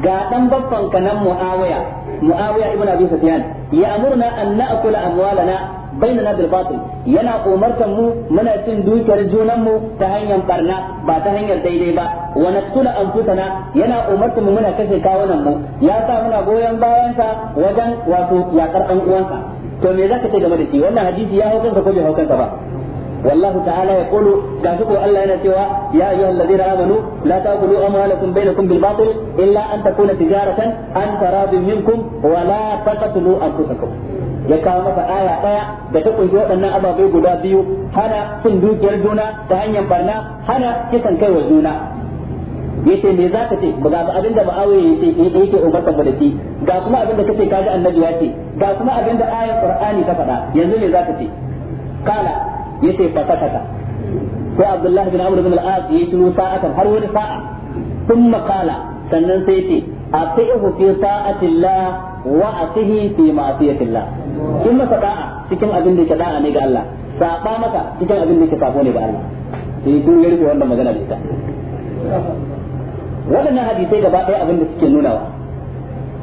ga dan baffan kanan muawiya muawiya ibn abi sufyan ya amurna an na'kula amwalana bainana bil batil yana umartan mu muna cin dukiyar junan mu ta hanyar barna ba ta hanyar daidai ba wa naqtula anfusana yana umartan mu muna kashe kawunan mu ya sa muna goyon bayan sa wajen wato ya an uwansa to me zaka ce game da shi wannan hadisi ya hau kansa ko bai hau ba والله تعالى يقول كاتبوا ألا نسوى يا أيها الذين آمنوا لا تأكلوا أموالكم بينكم بالباطل إلا أن تكون تجارة أن تراض منكم ولا تقتلوا أنفسكم ya kawo masa aya daya da ta kunshi waɗannan ababai guda biyu hana cin dukiyar juna ta hanyar barna hana kisan kai wa juna yace me za ka ce ba ga abin da ma'awiya yace yake umarta ba da shi ga kuma abin da kace kaji annabi ya ce ga kuma abin da ayar qur'ani ta faɗa yanzu me za ka ce kala yace fasakata sai abdullahi bin amr bin al-as ya shiru sa'atan har wani sa'a thumma kala sannan sai yace atihu fi sa'atillah wa atihi fi ma'siyatillah in masa da'a cikin abin da ke da'a ne ga Allah saba maka cikin abin da ke sabo ne ga Allah sai kun ya rubuta wannan magana da ita waɗannan hadisai gaba ɗaya abin da suke nunawa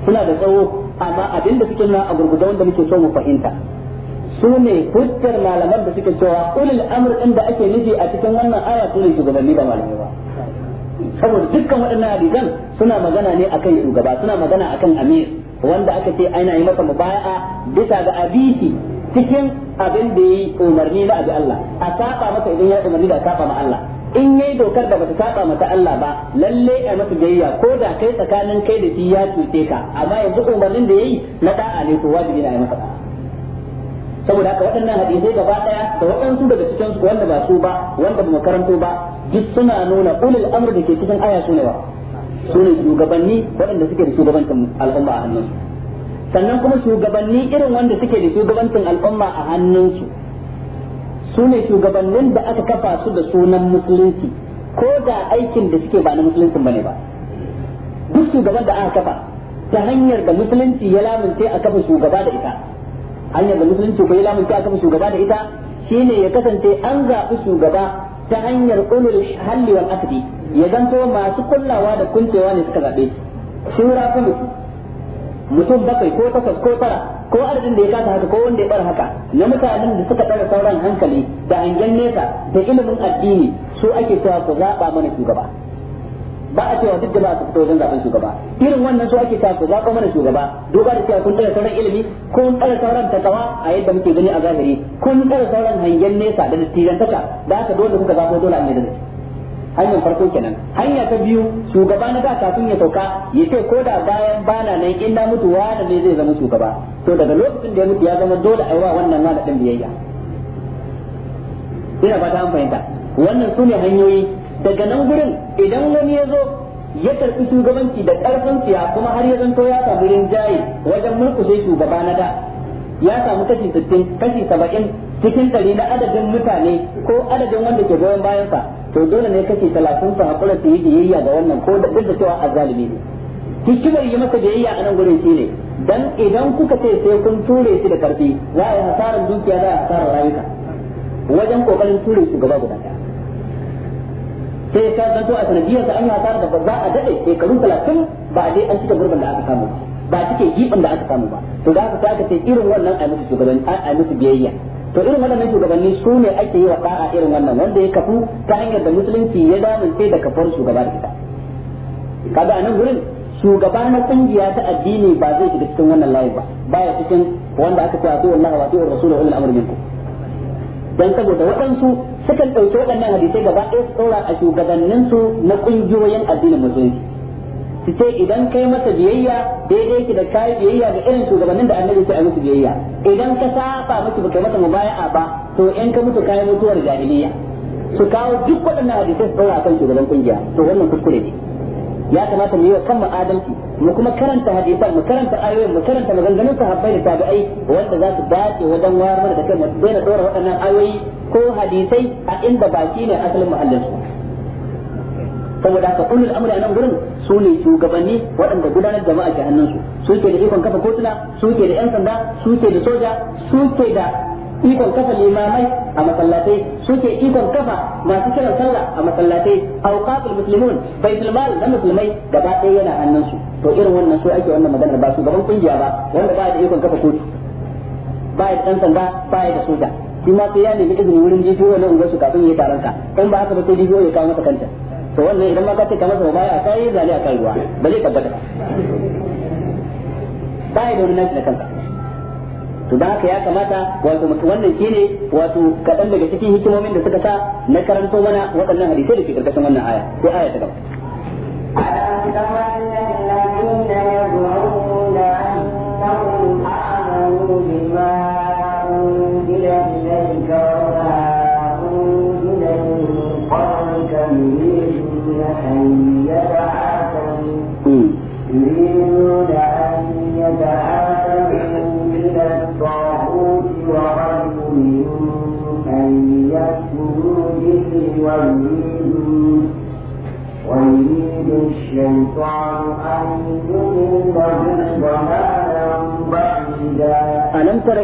suna da tsawo amma abin da suke nuna a gurgurda wanda muke so mu fahimta su ne hujjar malaman da suke cewa ulil amr din da ake nufi a cikin wannan aya su ne shugabanni ba malamai ba saboda dukkan waɗannan hadisan suna magana ne akan shugaba suna magana akan amir wanda aka ce ana yi masa mubaya'a bisa ga abisi cikin abin da yi umarni na abi Allah a saba masa idan ya umarni da saba ma Allah in yayi dokar da bata saba mata Allah ba lalle a masa biyayya ko da kai tsakanin kai da shi ya tuce ka amma yanzu umarnin da yayi na da'a ne to wajibi na yi masa saboda haka waɗannan hadisai gaba ɗaya da waɗansu daga cikin su wanda ba su ba wanda ba makaranto ba duk suna nuna ulul amr da ke cikin aya sune ba sune shugabanni waɗanda suke da shugabancin al'umma a hannunsu sannan kuma shugabanni irin wanda suke da shugabancin al'umma a hannunsu su ne shugabannin da aka kafa su da sunan musulunci ko da aikin da suke ba na musulunci bane ba duk shugaban da aka kafa ta hanyar da musulunci ya lamunce a kafa shugaba da ita hanyar da musulunci ko ilamin ta aka shugaba da ita shine ya kasance an zaɓi shugaba ta hanyar ulul halli wal aqdi ya zanto masu kullawa da kuncewa ne suka zaɓe shi shura kullu mutum bakwai ko takwas ko tara ko adadin da ya kasa haka ko wanda ya bar haka na mutanen da suka tsara sauran hankali da hangen nesa da ilimin addini su ake cewa ku zaɓa mana shugaba ba a cewa duk jama'a su fito wajen zaben shugaba irin wannan su ake cewa za ko mana shugaba duba da cewa kun tsara sauran ilimi kun tsaya sauran takawa a yadda muke gani a zahiri kun tsara sauran hangen nesa da taka da aka dole kuka zafo dole an yadda hanyar farko kenan hanya ta biyu shugaba na da kafin ya sauka ya ce ko da bayan bana nan in na mutu wani ne zai zama shugaba to daga lokacin da ya mutu ya zama dole a yi wa wannan wani ɗin biyayya ina ba ta an fahimta wannan su ne hanyoyi daga nan gurin idan wani ya zo ya karɓi shugabanci da ƙarfin siya kuma har ya zanto ya samu jaye wajen sai shugaba na da ya samu kashi sittin kashi saba'in cikin ɗari na adadin mutane ko adadin wanda ke goyon bayansa to dole ne kashi talatin sa haƙura su yi biyayya ga wannan ko da duk da cewa azzalumi ne hikimar yi masa biyayya a nan gurin shi ne dan idan kuka ce sai kun ture shi da karfi za a yi hasarar dukiya za a hasarar rayuka wajen ƙoƙarin ture shugaba guda ɗaya sai ka to a sanadiyar da an yi hasara da ba za a daɗe shekaru talatin ba a dai an cika gurbin da aka samu ba cike gibin da aka samu ba to za ka ta ka ce irin wannan a musu musu biyayya to irin waɗannan shugabanni su ne ake yi wa a irin wannan wanda ya kafu ta hanyar da musulunci ya sai da kafar shugaba da ita kaga a nan gurin shugaba na kungiya ta addini ba zai shiga cikin wannan layi ba baya cikin wanda aka ce a tsohon lahawa tsohon rasulun ulul amr minkum dan saboda waɗansu sukan ɗauki waɗannan hadisai gaba ɗaya su ɗora a shugabanninsu na ƙungiyoyin addinin musulunci su ce idan kai masa biyayya daidai ki da kai biyayya ga irin shugabannin da annabi sai a musu biyayya idan ka saba musu baka masa mubaya'a ba to in ka mutu kai mutuwar jahiliya su kawo duk waɗannan hadisai su ɗora akan shugaban kungiya to wannan kuskure ne ya kamata mu yi wa kanmu adalci mu kuma karanta hadisan mu karanta ayoyin mu karanta maganganun sahabbai da tabi'ai wanda za su dace wajen wayar mana da kai mu daina dora waɗannan ayoyi ko hadisai a inda baki ne asalin muhallin su saboda haka kullul amri a nan gurin su ne shugabanni waɗanda gudanar jama'a ke hannunsu su ke da ikon kafa kotuna su ke da yan sanda su ke da soja su ke da ikon kafa limamai a masallatai suke ikon kafa masu kiran sallah a masallatai awqatul muslimun baitul mal na musulmai gaba ɗaya yana su to irin wannan so ake wannan magana ba su gaban kungiya ba wanda ba da ikon kafa kotu ba ya dan sanda ba da soja shi ma sai ya nemi izini wurin jijiyo na su kafin ya taron ka in ba haka ba sai jijiyo ya kawo masa kanta to wannan idan ma ka ce ka masa ya kai zali a kai ruwa ba zai tabbata ba ya da wani nashi da kanta. to da haka ya kamata wato wannan ne wato kadan daga cikin hikimomin da suka sa na karanto mana waɗannan hadisai da ke karkashin wannan aya sai aya ta gaba.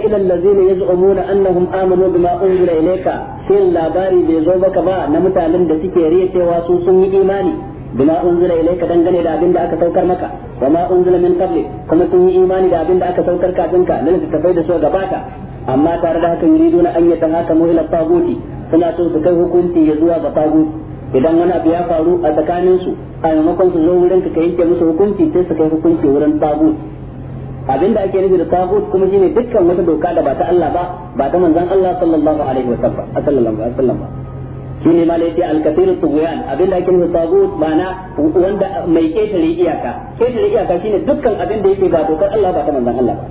إلى الذين يزعمون أنهم آمنوا بما أنزل إليك في اللابار بيزوبك با نمتا لن دسكي ريتي واسوسني إيماني بما أنزل إليك دنجل إلى بند أكا توكر مكا وما أنزل من قبل كما سني إيماني إلى بند أكا توكر كابنك لن تتفيد سوى قباك أما تاردها يريدون أن يتهاكموا إلى الطاغوت فلا so كنتي يزوى hukunci idan wani abu ya faru a tsakaninsu a maimakon su zo wurin ka yanke musu hukunci sai su kai hukunci wurin tagut Abin da ake nufi da tagut kuma shine dukkan wata doka da ba ta Allah ba ba ta manzon Allah sallallahu alaihi wa sallam sallallahu alaihi wa sallam shine ma da al-kathir tughyan ake nufi tagut mana wanda mai ketare iyaka ketare iyaka shine dukkan abin da yake ba dokar Allah ba ta manzon Allah ba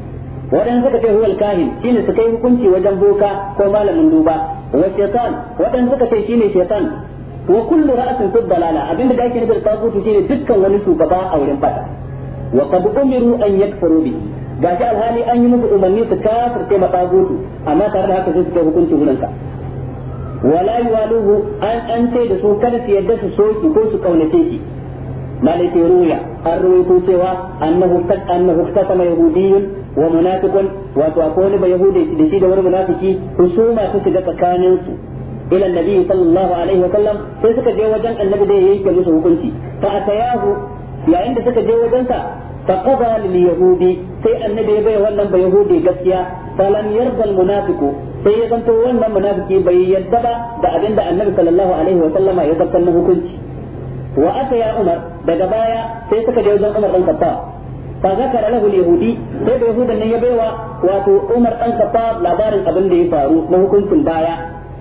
wadan suka ce huwal kahin shine su kai hukunci wajen boka ko malamin duba wa shaytan wadan suka ce shine shaytan wa kullu ra'sin fi dalala abin da ake nufi da tagut shine dukkan wani shugaba a wurin fata وقد أمروا أن يكفروا به ga shi alhali an yi musu umarni su kafirce mafagotu amma tare da haka sai su ce hukunci hulunka wala yi an an da su kada su yadda su soki ko su kaunace shi malaki ruya an rawaito cewa annahu kat annahu ta ma yahudiyyun wa munafiqun wa to akwai wani ba yahudi da shi da wani munafiki husuma su shiga tsakanin su ila annabi sallallahu alaihi wa sallam sai suka je wajen annabi da yake musu hukunci fa atayahu yayin da suka je wajen sa فقضى لليهودي سي النبي بي ولن بيهودي قسيا فلم يرضى المنافق sai ya zanto wannan munafiki bai yadda ba da abin da annabi sallallahu alaihi wa sallama ya zartar na hukunci wa aka umar daga baya sai suka je wajen umar dan khattab fa zakara lahu yahudi sai da yahudan nan ya baiwa wato umar dan khattab labarin abin da ya faru na hukuncin baya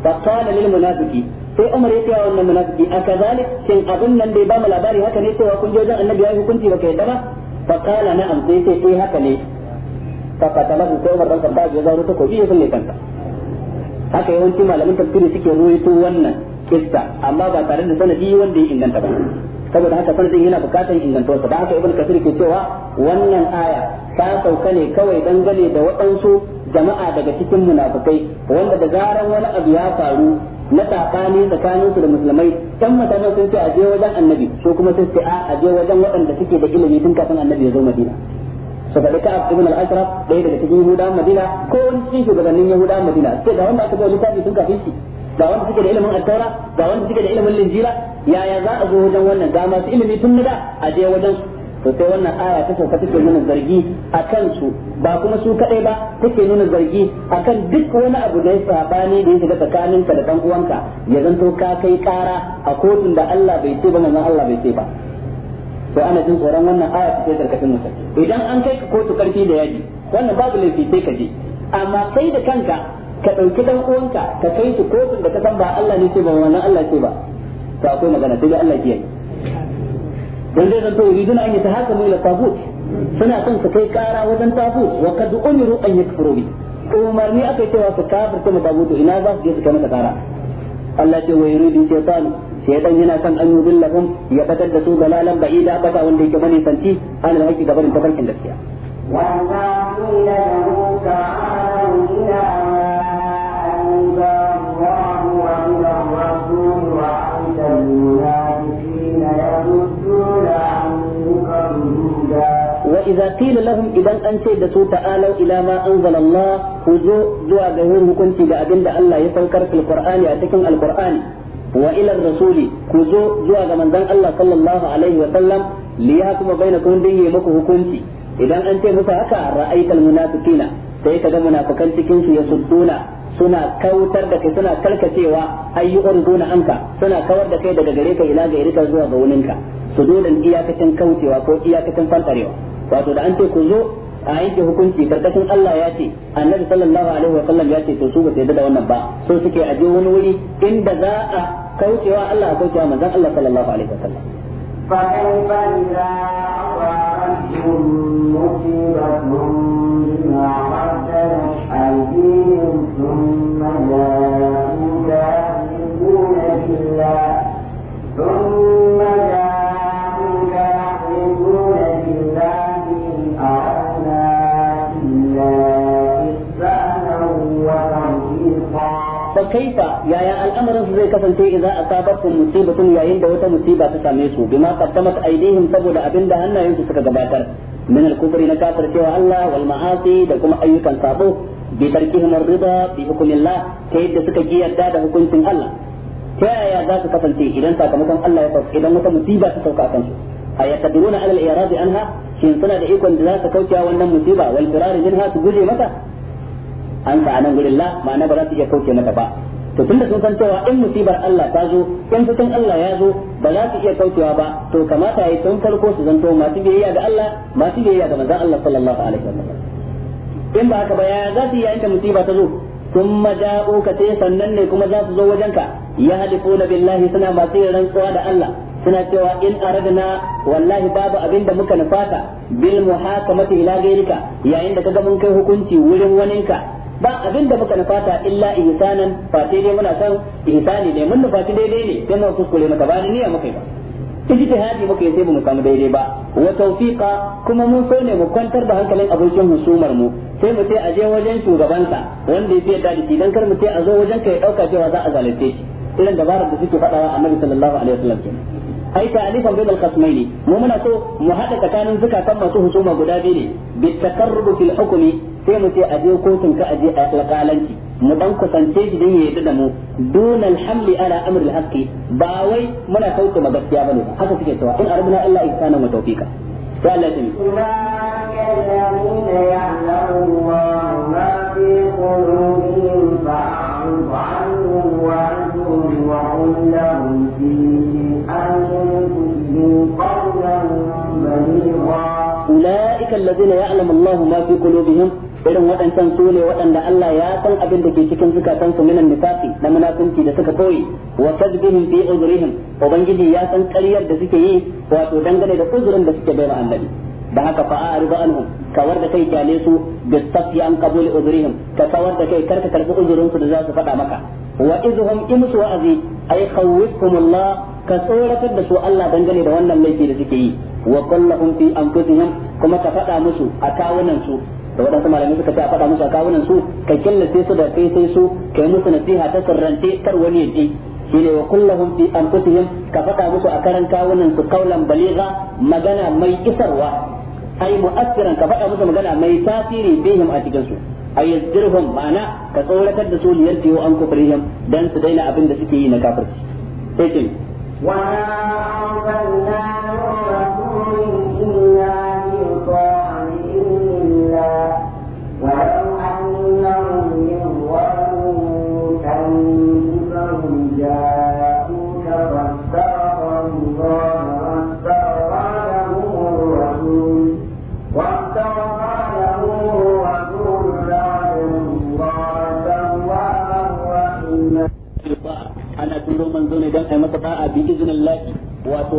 fa qala lil munafiki sai umar ya ce wa wannan munafiki akazalik shin abin nan da ya ba mu labari haka ne cewa kun je wajen annabi ya hukunci baka yadda ba fa qala na'am sai sai sai haka ne fa qatalahu sai Umar dan Khattab ya zaro ta kofi ya kulle kansa haka yawanci malamin tafsiri suke ruwaito wannan kissa amma ba tare da sanadi wanda ya inganta ba saboda haka sanadin yana bukatar ingantuwarsa da haka ibn kasir ke cewa wannan aya ta sauka ne kawai dangane da waɗansu jama'a daga cikin munafukai wanda da zaran wani abu ya faru na sabani tsakanin su da musulmai kan mutanen sun ce a je wajen annabi so kuma sai ce a je wajen waɗanda suke da ilimi tun kafin annabi ya zo madina su faɗi ka'ab ibn al-ashraf ɗaya daga cikin yahuda madina ko wani cikin shugabannin yahuda madina sai da wanda aka zo littafi tun kafin shi ga wanda suke da ilimin attaura ga wanda suke da ilimin linjira yaya za a zo wajen wannan ga masu ilimi tun da a je wajen su to sai wannan aya ta sauka take nuna zargi a kansu ba kuma su kadai ba take nuna zargi a kan duk wani abu da ya sabani da ya shiga tsakaninka da dan uwanka ya zanto ka kai kara a kotun da Allah bai ce ba manzon Allah bai ce ba to ana jin tsoron wannan aya ta sai karkashin mutum idan an kai ka kotu karfi da yaji wannan babu laifi sai ka je amma kai da kanka ka ɗauki dan uwanka ka kai su kotun da ka san ba Allah ne ce ba wannan Allah ce ba to akwai magana sai Allah ke yi dan zai zanto yuriduna an yatahakamu ila tabut suna son su kai kara wajen tabut wa kad umiru an yakfuru bi umarni aka cewa su kafirta mu tabut ina za su je su kai masa kara Allah ce wa yuridu shaytan shaytan yana son an yudillahum ya batar da su dalalan ba'ida bata wanda yake bane santi an da hakki gaban tafarkin gaskiya wa ma qila lahu ta'alu ila ma anzala Allah wa ila rasul wa anzalna وإذا قيل لهم إذا أنت دسو تعالوا إلى ما أنزل الله وجو جوا جهور كنت بأبن الله يفكر في القرآن يأتكم القرآن وإلى الرسول كوزو جوا من ذن الله صلى الله عليه وسلم ليحكم بينكم دين يمكو حكمتي إذا أنت مسا هكا رأيت المنافقين sai ka kaga munafikan cikin su yasudduna suna kautar da kai suna karkacewa ayyukan duna anka suna kawar da kai daga gare ka ila ga ka zuwa ga wuninka su dole iyakacin kaucewa ko iyakacin fantarewa wato da an ce ku zo a yanke hukunci karkashin Allah ya ce annabi sallallahu alaihi wa sallam ya ce to su ba yadda da wannan ba so suke aje wani wuri inda za a kaucewa Allah a kaucewa manzon Allah sallallahu alaihi wa sallam فكيف إذا أصابتهم مصيبة بما قدمت أيديهم ثم جاءوك يحلفون بالله ثم kaifa yaya al'amarin su zai kasance za idza asabatkum musibatun yayin da wata musiba ta same su bima qaddamat aydihim saboda abinda hannayen su suka gabatar min al na kafir cewa Allah wal da kuma ayyukan sabo bi tarkihim ar-rida bi hukmillah ta yadda suka ji yadda da hukuncin Allah ta yaya za su kasance idan sakamakon Allah ya sauka idan wata musiba ta sauka kansu a yaqdiruna ala al-i'rad anha shin suna da ikon da za su kauce wannan musiba wal firari minha su guje mata an sa anan gurin la ma'ana ba za su iya kauce mata ba to tunda sun san cewa in musibar Allah ta zo in fitan Allah ya zo ba za su iya kaucewa ba to kamata yi tun farko su zanto masu biyayya ga Allah masu biyayya ga manzon Allah sallallahu alaihi wasallam in ba haka ba ya za su yi yayin da musiba ta zo ka جاءوك sannan ne kuma za su zo wajenka ya halifuna billahi suna masu yin rantsuwa da Allah suna cewa in aradna wallahi babu abin da muka nufata bil muhakamati ila gairika yayin da kaga mun kai hukunci wurin waninka ba abin da muka nufata illa ihsanan fa sai dai muna san ihsani ne mun nufati daidai ne sai mu kuskure maka ba niyya muka ba ijtihadi muka yi sai mu samu daidai ba wa tawfiqa kuma mun so ne mu kwantar da hankalin abokin husumar mu sai mu sai a je wajen shugabansa wanda yake da shi dan kar mu sai a zo wajen ka ya dauka cewa za a zalunce shi irin dabarar da suke faɗawa annabi sallallahu alaihi wasallam ai ta'alifan bainal qasmaini mu muna so mu hada tsakanin zakatan masu husuma guda biyu ne bi takarrub fil hukmi sai mu ce a je kotun ka a je a alƙalanci mu dan kusance shi dan yayi da mu dunal hamli ala amril haqqi ba wai muna kauce ma gaskiya bane haka suke cewa in arbuna illa ihsanan wa tawfiqa sai Allah ya tuni وقل لهم في أولئك الذين يعلم الله ما في قلوبهم irin waɗancan su ne waɗanda Allah ya san abin da ke cikin zukatansu minan nifafi na munafunci da suka koyi wa kadbihim fi uzrihim ubangiji ya san ƙaryar da suke yi wato dangane da uzurin da suke bayar annabi da haka fa a'ridu anhum kawar da kai kyale su bi safi an qabul uzrihim ka kawar da kai karka karbi uzurin su da za su faɗa maka wa izhum imsu wa'azi ay khawwifhum ka tsoratar da su Allah dangane da wannan laifi da suke yi wa kullahum fi anfusihim kuma ka fada musu a kawunan su da wadansu malamai suka ce a fada musu a kawunan su ka killace su da kai sai su kai musu nasiha ta sirrance kar wani ya ji shine wa kullahum fi anfusihim ka fada musu a karan kawunan su kaulan baligha magana mai isarwa ai mu'assiran ka fada musu magana mai tasiri bihim a cikin su ayyazirhum ma'ana ka tsoratar da su liyartiyo an kufrihim dan su daina abin da suke yi na kafirci sai وما أرسلنا من رسول إلا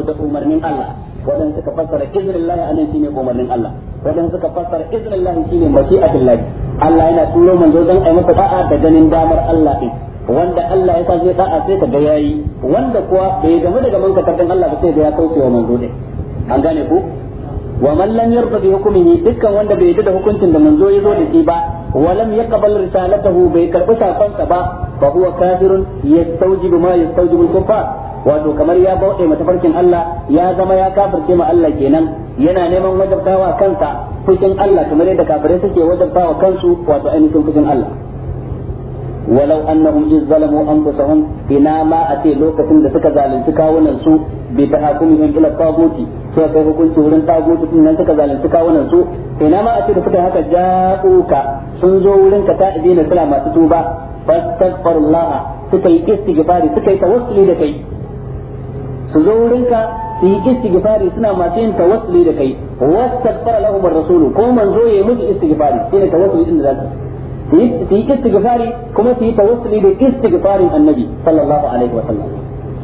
da umarnin Allah wadan suka fassara iznillahi anan shine umarnin Allah wadan suka fassara iznillahi shine mashi'atullah Allah yana turo manzo dan ai masa da'a da ganin damar Allah din wanda Allah ya sa zai da'a sai ka ga yayi wanda kuwa bai gamu daga manka kaddan Allah ba sai da ya kauce wa manzo din an gane ku wa man lam yarda bi hukmihi dukkan wanda bai yarda da hukuncin da manzo ya zo da shi ba wa lam yaqbal risalatahu bai karbi sakonsa ba fa huwa kafirun yastawjibu ma yastawjibu al-kuffar wato kamar ya bauɗe matafarkin Allah ya zama ya kafirce ma Allah kenan yana neman wajabtawa kansa fushin Allah kamar yadda kafirai suke wajabtawa kansu wato ainihin fushin Allah walau annahum iz zalamu anfusahum ina ma a ce lokacin da suka zalunci kawunan su bi tahakumihim ila taguti suka kai hukunci wurin taguti din nan suka zalunci kawunan su ina ma a ce da suka haka ja'uka sun zo wurin ka ta'ibina suna masu tuba fastaghfirullah suka yi istighfari suka yi tawassuli da kai su zo wurinka su yi istighfari suna masu yin tawassuli da kai wastaghfara lahum ar-rasul ko manzo yayi musu istighfari shine tawassuli din da zaka su yi istighfari kuma su yi tawassuli da istighfarin annabi sallallahu alaihi wa sallam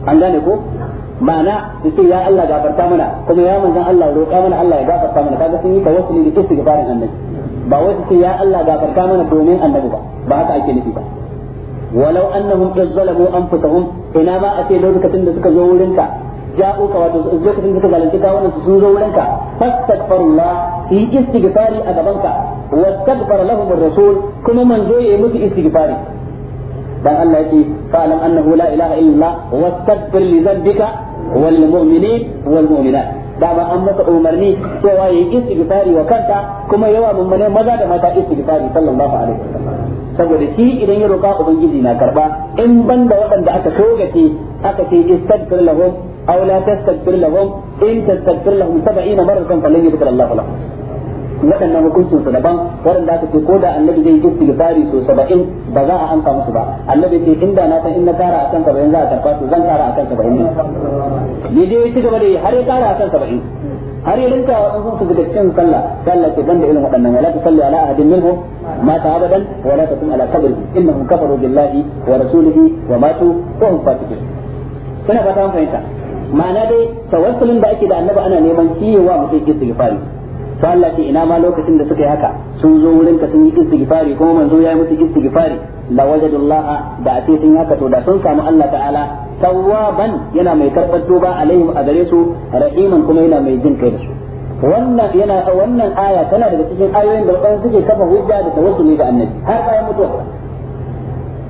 an gane ko ma'ana su ce ya Allah gafarta mana kuma ya manzon Allah roƙa mana Allah ya gafarta mana kaga sun yi tawassuli da istighfarin annabi ba wai su ce ya Allah gafarta mana domin annabi ba ba haka ake nufi ba walau annahum izzalamu anfusahum ina ba a ce lokacin da suka zo wurinka ja'uka wato lokacin da suka zalunci kawunan su zo wurinka fastaghfirullah yi istighfari a gabanka wastaghfara lahum ar-rasul kuma manzo yayi musu istighfari dan Allah yake fa'alam annahu la ilaha illa wastaghfir li dhanbika wal mu'minin wal mu'minat dama an masa umarni cewa yayi istighfari wa kanta kuma yawa mummune maza da mata istighfari sallallahu alaihi wasallam saboda shi idan ya roka ubangiji na karba in ban banda waɗanda aka togace aka ce istaghfir lahum aw la tastaghfir lahum in tastaghfir lahum 70 marratan falan yaghfir Allahu lahum waɗannan hukuncin su daban waɗanda aka ce ko da annabi zai yi gifari so saba'in ba za a amsa musu ba annabi ce inda na san in na kara akan saba'in za a karɓa su zan kara akan saba'in ne Ni je ci gaba da yi har ya kara akan saba'in har ya rinka waɗansu su daga cikin sallah sallah ce banda irin waɗannan wala tusalli ala ahadin minhum mata abadan wala takum ala qabri innahum kafaru billahi wa rasulihi wa matu wa hum fasiqun kana fata an fahimta ma'ana dai tawassulin da ake da annabi ana neman kiyewa mutum istighfari to Allah ce ina ma lokacin da suka yi haka sun zo wurin ka sun yi istighfari kuma manzo ya yi musu istighfari la wajadullah da a sun haka to da sun samu Allah ta'ala tawwaban yana mai karɓar tuba alaihim a gare su rahiman kuma yana mai jin kai da su wannan yana wannan aya tana daga cikin ayoyin da wadanda suke kafa hujja da tawassuli ga annabi har bayan mutuwa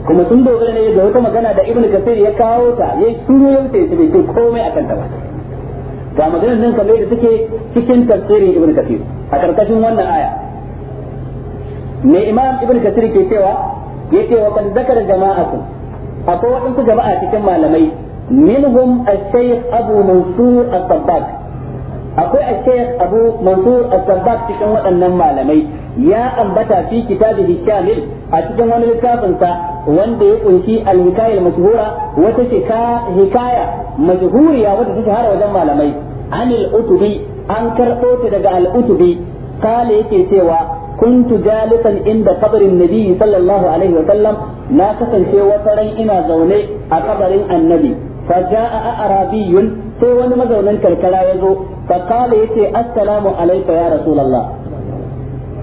kuma sun dogara ne ga wata magana da ibnu kasir ya kawo ta yayi shiru ya wuce bai ce komai akan ta ba ga maganar nan kamar da take cikin tafsirin ibn kathir a karkashin wannan aya me imam ibn kathir ke cewa yake wa kan zakara jama'atu akwai waɗansu jama'a cikin malamai minhum al-shaykh abu mansur al-sabbak akwai al-shaykh abu mansur al-sabbak cikin waɗannan malamai ya ambata fi kitabihi shamil a cikin wani littafin sa wanda ya kunshi al-hikaya al-mashhura wata hikaya mashhuriya wadda ta shahara wajen malamai anil utubi an karɓo ta daga al utubi kale yake cewa كنت جالسا عند قبر النبي صلى na عليه وسلم لا كسنشي وترى إنا زوني أقبر النبي فجاء أعرابي sai wani mazaunin karkara ya zo kakale ya ce assalamu alaika ya rasulallah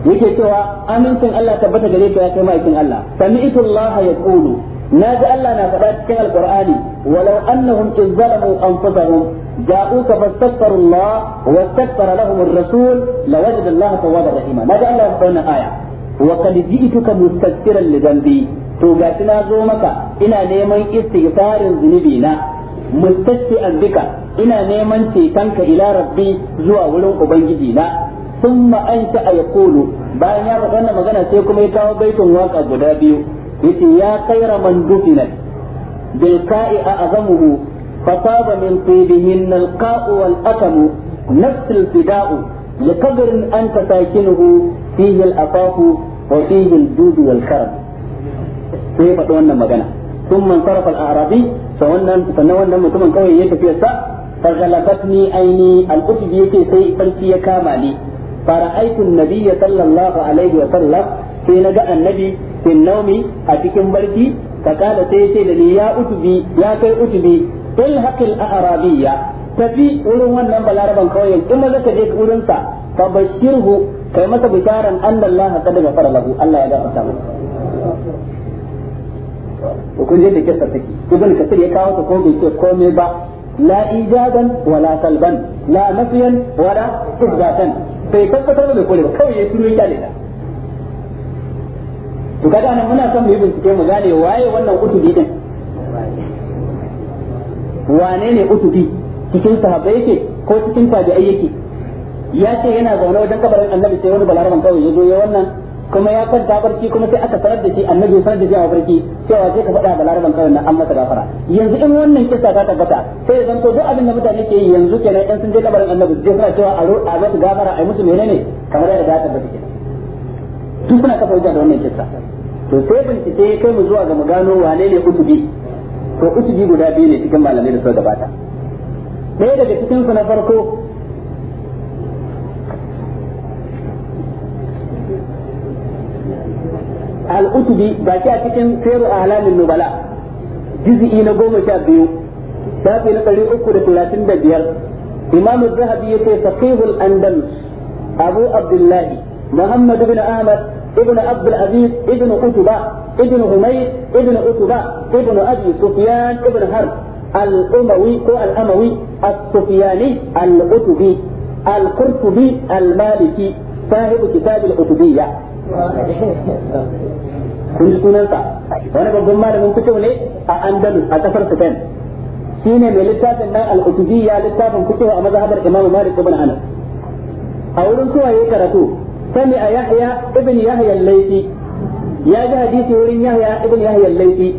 yake cewa amincin Allah tabbatar da ka ya kai ma'aikin Allah sami'tu Allah ya qulu na ji Allah na faɗa cikin alqur'ani walau annahum iz zalamu anfusahum جاءوك فاستكبروا الله واستكبر لهم الرسول لوجد الله توابا رحيما ماذا الله يقول آية وقد جئتك مستكبرا لذنبي to ga na zo maka ina neman istighfarin zunubi na mustashfi'an bika ina neman cetonka ila rabbi zuwa wurin ubangiji na thumma a ayqulu bayan ya faɗa wannan magana sai kuma ya kawo baitin waka guda biyu yace ya kaira man dufina ka'i a azamuhu فطاب من طيبهن القاء والأتم نفس الفداء لقدر أنت ساكنه فيه الأطاف وفيه الجود والكرم mutumin kawai ya tafiya sa fagalabatni aini yake sai barci ya kama ni fara'aitun nabiyya sallallahu alaihi wa sallam sai na ga annabi fin a cikin barci sai ya ce ni ya kai utubi الحق الأعرابية tafi ولو wannan balaraban kauyen in ma zaka je wurin sa fa bashirhu kai masa bisharan anna Allah qad ghafara lahu Allah ya gafarta masa to kun je da kissa take ibn kasir ya kawo ta ko bai ce komai ba la ijadan wala salban la ba kawai ya to kaga nan muna son mu yi bincike mu gane waye wannan usubi din wane ne utubi cikin sahabbai yake ko cikin tabi'ai yake ya ce yana zaune wajen kabarin annabi sai wani balaraban kawai ya zo ya wannan kuma ya kwanta barci kuma sai aka sanar da shi annabi ya sanar da shi a barci cewa sai ka faɗa balaraban kawai na an masa gafara yanzu in wannan kisa ta tabbata sai zan ko duk abin da mutane ke yi yanzu kenan in sun je kabarin annabi sai suna cewa a roƙa masa gafara a yi musu menene kamar yadda ta tabbata kenan duk suna kafa wajen da wannan kisa to sai bincike kai mu zuwa ga mu gano wane ne utubi to usuli guda biyu ne cikin malamai da suka gabata ɗaya daga cikin su na farko al-utubi ba a cikin sayru alamin nubala jizii na goma sha biyu shafi na ɗari uku da talatin da biyar imam zahabi ya ce faqihul andalus abu abdullahi muhammadu bin ahmad ابن عبد العزيز ابن عتبة ابن هميد ابن عتبة ابن أبي سفيان ابن حرب الأموي كو الأموي السفياني القطبي القرطبي المالكي صاحب كتاب القطبية kun ji sunansa wani babban malamin fito ne a andalus a kasar spain shi ne mai littafin nan al-qutubiyya littafin fito a mazhabar imam malik ibn a wurin suwaye karatu سمع يحيى ابن يحيى الليثي يا جه حديث ورين يحيى ابن يحيى الليثي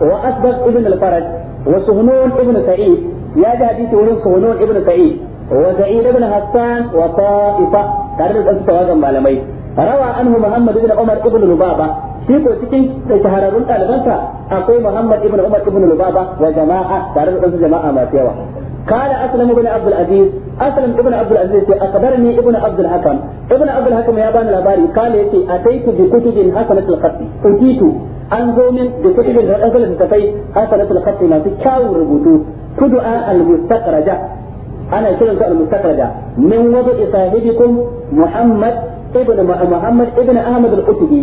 وأصدق ابن الفرج وسهنون ابن سعيد يا جه حديث ورين سهنون ابن سعيد وزعيد ابن حسان وطائفة تعرف أنت تواجه معلمين روى عنه محمد بن عمر ابن لبابة shi ko cikin shahararrun ɗalibansa akwai Muhammad ibn Umar ibn Lubaba wa jama'a tare da wasu jama'a masu yawa ibn abdul aziz عبد العزيز اسلم ابن عبد العزيز ibn abdul عبد الحكم ابن عبد الحكم يا بان الاباري قال يتي اتيت بكتب حسنه الخط اتيت an zo min da kutubin da ɗan da kai hasanatul khafi masu kyawun rubutu tud'a al-mustaqraja ana kiransa al-mustaqraja min wadu isahibikum muhammad ibn muhammad ibn ahmad al-utubi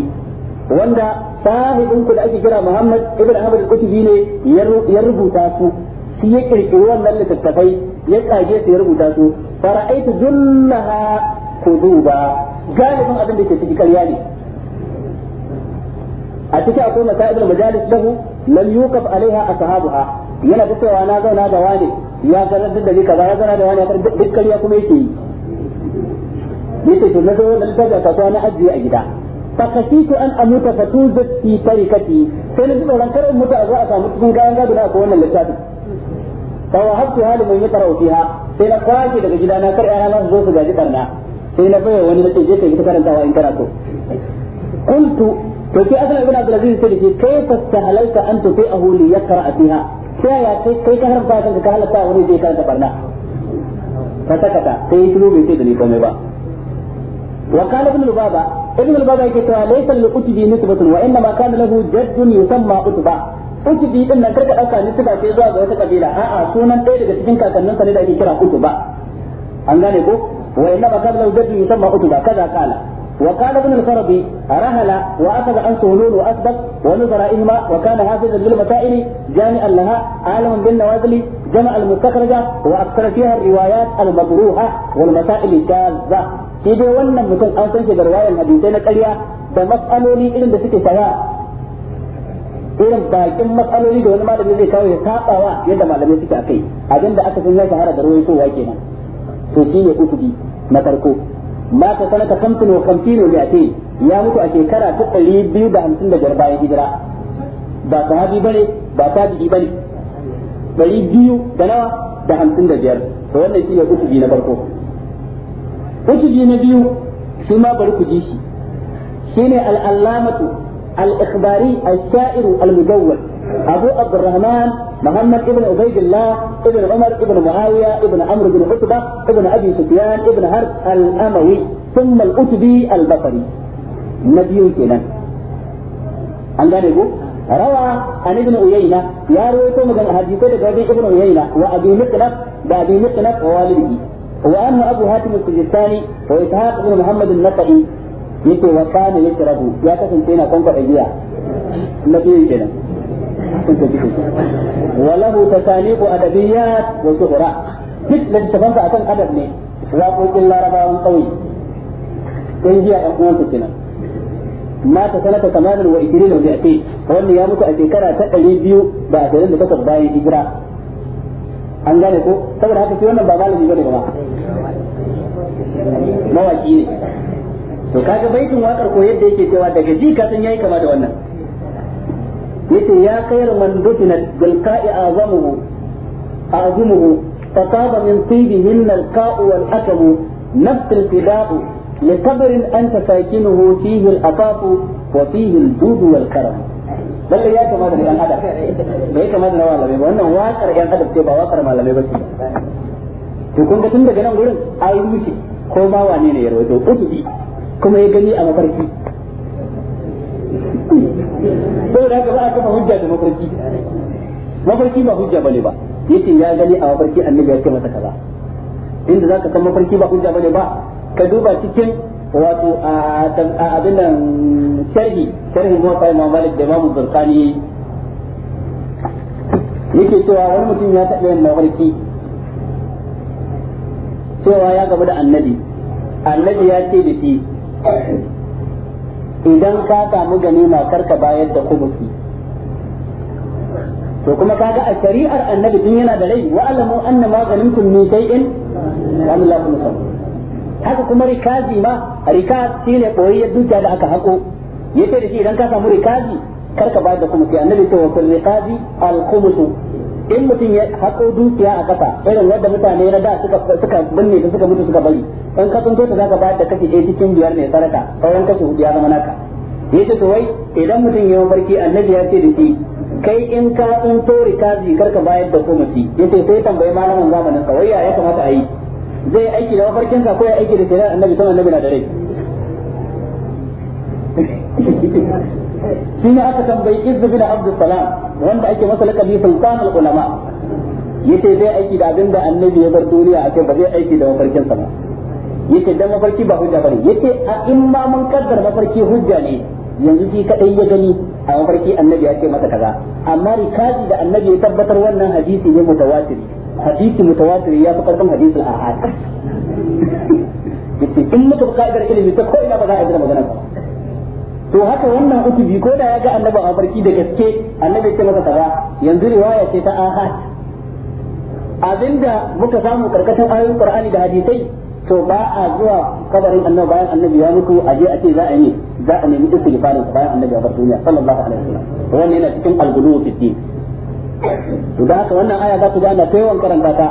wanda sahibin da ake kira Muhammad ibn Ahmad al ne ya rubuta su shi ya kirkiri wannan littattafai ya su ya rubuta su fara'aitu kuduba galibin abin da ke ƙarya ne a ciki akwai masaibul majalis lahu lam yuqaf alaiha ashabuha yana da cewa na zauna da wani ya da ni kaza ya da wani duk ƙarya kuma yake yi yake to na zo da na ajiye a gida fakasitu an amuta fa tujad fi tarikati sai na ji tsoron kar in mutu a zo a samu cikin kayan gado a ko wannan littafin fa wahabtu hali mun yaqra fiha sai na kwace daga gidana kar yana na zo su gaji barna sai na bayar wani nace je ka yi karantawa in karatu qultu to sai aslan ibn abdul aziz sai ce kayfa tahalalta an tuti'ahu a yaqra fiha sai ya kai kai ka harfa ka halatta wani je karanta barna sai bai ce da ni komai ba lubaba ibn al-bada yake cewa laysa li utubi nisbatun wa inma kana lahu jaddun yusamma utba utubi din nan karka dauka nisba sai zuwa ga wata kabila a'a sunan ɗaya daga cikin kakannin sa ne da ake kira utuba an gane ko wa inma kaza kala وقال ابن الفربي رهل واخذ عن سهلول واسبق ونظر اهما وكان حافظا للمسائل جامعا لها عالما بالنوازل جمع المستخرجه واكثر فيها الروايات المبروحه والمسائل sai dai wannan mutum an san shi garwayan hadisai na ƙarya da matsaloli irin da suke shaya irin bakin matsaloli da wani malami zai kawo ya sabawa yadda malamai suke akai abinda aka san ya shahara da ruwaitowa kenan to shi ne ukubi na farko ma ka sanar ka kamfino kamfino ya ce ya mutu a shekara ta ɗari biyu da hamsin da biyar bayan hijira ba sahabi bane ba tabi'i ne ɗari biyu da nawa da hamsin da biyar to wannan shi ne ukubi na farko usuli na biyu shi ma bari ku ji shi shine al-allamatu al-ikhbari al-sha'ir al-mujawwal abu abdurrahman محمد ابن عبيد الله ابن عمر ابن معاوية ابن عمرو بن عتبة ابن أبي سفيان ابن هرب الأموي ثم الأتبي البصري نبي كنا أنجانيكو روى عن ابن عيينة يا رويتو مجن حديثة ابن عيينة وأبي مقلب بأبي مقلب ووالده وأما أبو هاتم السجستاني وإسحاق بن محمد النقعي yake wa kana yashrabu ya kasance yana kwankwaɗa giya na biyu kenan wa lahu tasaniqu adabiyyat wa suhra duk da tafansa akan adab ne waƙoƙin larabawan ƙauye kun giya ɗan uwansa kenan mata sanata kamanin wa ikirin wa bi'ati wannan ya mutu a shekara ta ɗari biyu da ashirin da takwas bayan hijira an gane ko saboda haka shi wannan ba malami bane ba mawaki ne to kaga baitin wakar ko yadda yake cewa daga ji ka san yayi kama da wannan yace ya khairu man dutina bil qa'i azamuhu azamuhu fataba min tibihin al qa'u wal akamu nafs al fida'u لقبر أنت ساكنه فيه الأطاف وفيه الجود والكرم lalle ya kama da yan adam bai kama da malamai ba wannan wakar yan adam ce ba wakar malamai ba ce to kun ga tun daga nan gurin yi rushe ko ma wane ne ya rawaito utubi kuma ya gani a mafarki saboda haka ba a kafa hujja da mafarki mafarki ba hujja bane ba yace ya gani a mafarki annabi ya ce masa kaza inda zaka san mafarki ba hujja bane ba ka duba cikin wato a abin nan sharhi sharhi kai imam malik da imamu zurkani yake cewa wani mutum ya taɓa yin mawarki cewa ya gaba da annabi annabi ya ce da shi idan ka samu ma karka bayar da kubusi to kuma kaga a shari'ar annabi din yana da rai wa annama anna ganimtum min shay'in wa lam lakum haka kuma rikazi ma rikaz shine ya dukiya da aka hako yace da shi idan ka samu rikazi kar ka bayar da kuma sai annabi to wa rikazi al khumusu in mutum ya hako dukiya a kasa irin wanda mutane na da suka suka binne da suka mutu suka bari in ka tunto ta zaka bayar da kashi ɗaya cikin biyar ne saraka sauran kasu ya zama naka yace to wai idan mutum ya mafarki annabi ya ce da shi kai in ka tunto rikazi kar ka bayar da kuma yace sai tambayi malamin zamanin sa wai ya kamata a yi zai aiki da mafarkin ka ko ya aiki da kiran annabi sama annabi na da rai shi ne aka tambayi izu bin abdul salam wanda ake masa lakabi sultan al ulama yace zai aiki da abin da annabi ya bar duniya a kai ba zai aiki da mafarkin sa ba yace dan mafarki ba hujja bane yace a in ma mun kaddar mafarki hujja ne yanzu shi kadai ya gani a mafarki annabi ya ce masa kaza amma rikazi da annabi ya tabbatar wannan hadisi ne mutawatiri hadisi mutawatir ya fi karfin hadisi a haka in muka kagar ilimi ta ko ina ba za a jira magana ba to haka wannan utubi ko da ya ga annabi a barki da gaske annabi ya ce masa kaza yanzu riwaya ce ta ahad abinda muka samu karkashin ayoyin qur'ani da hadisai to ba a zuwa kabarin annabi bayan annabi ya mutu a je a ce za a yi za a nemi istighfarin bayan annabi ya bar duniya sallallahu alaihi wasallam wannan yana cikin al-ghulu fi din to da haka wannan aya za ku ga ana taiwan karanta ta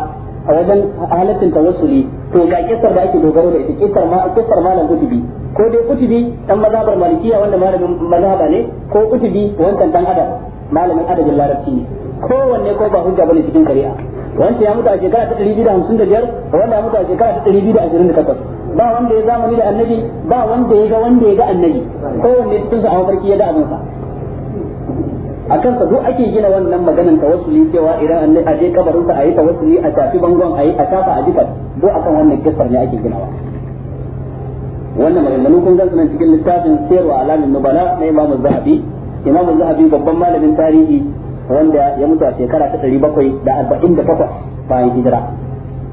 a wajen halaccin tawassuli to ga kissar da ake dogaro da ita kissar ma kissar malam kutubi ko dai kutubi dan mazhabar malikiya wanda malamin mazhaba ne ko kutubi wancan dan adam malamin adabin larabci ne kowanne ko ba hujja bane cikin kariya wanda ya mutu a shekara ta 255 wanda ya mutu a shekara ta 228 ba wanda ya zamani da annabi ba wanda ya ga wanda ya ga annabi kowanne cikin su a mafarki ya da abinsa a kansa duk ake gina wannan maganan tawassuli cewa idan an a je kabarin sa ayi tawassuli a tafi bangon ayi a tafa a jikan duk akan wannan kisar ne ake ginawa wannan maganganu kun gansu nan cikin littafin wa alamin nubala na imam zahabi imam zahabi babban malamin tarihi wanda ya mutu a shekara ta ɗari bakwai da arba'in da takwas bayan hijira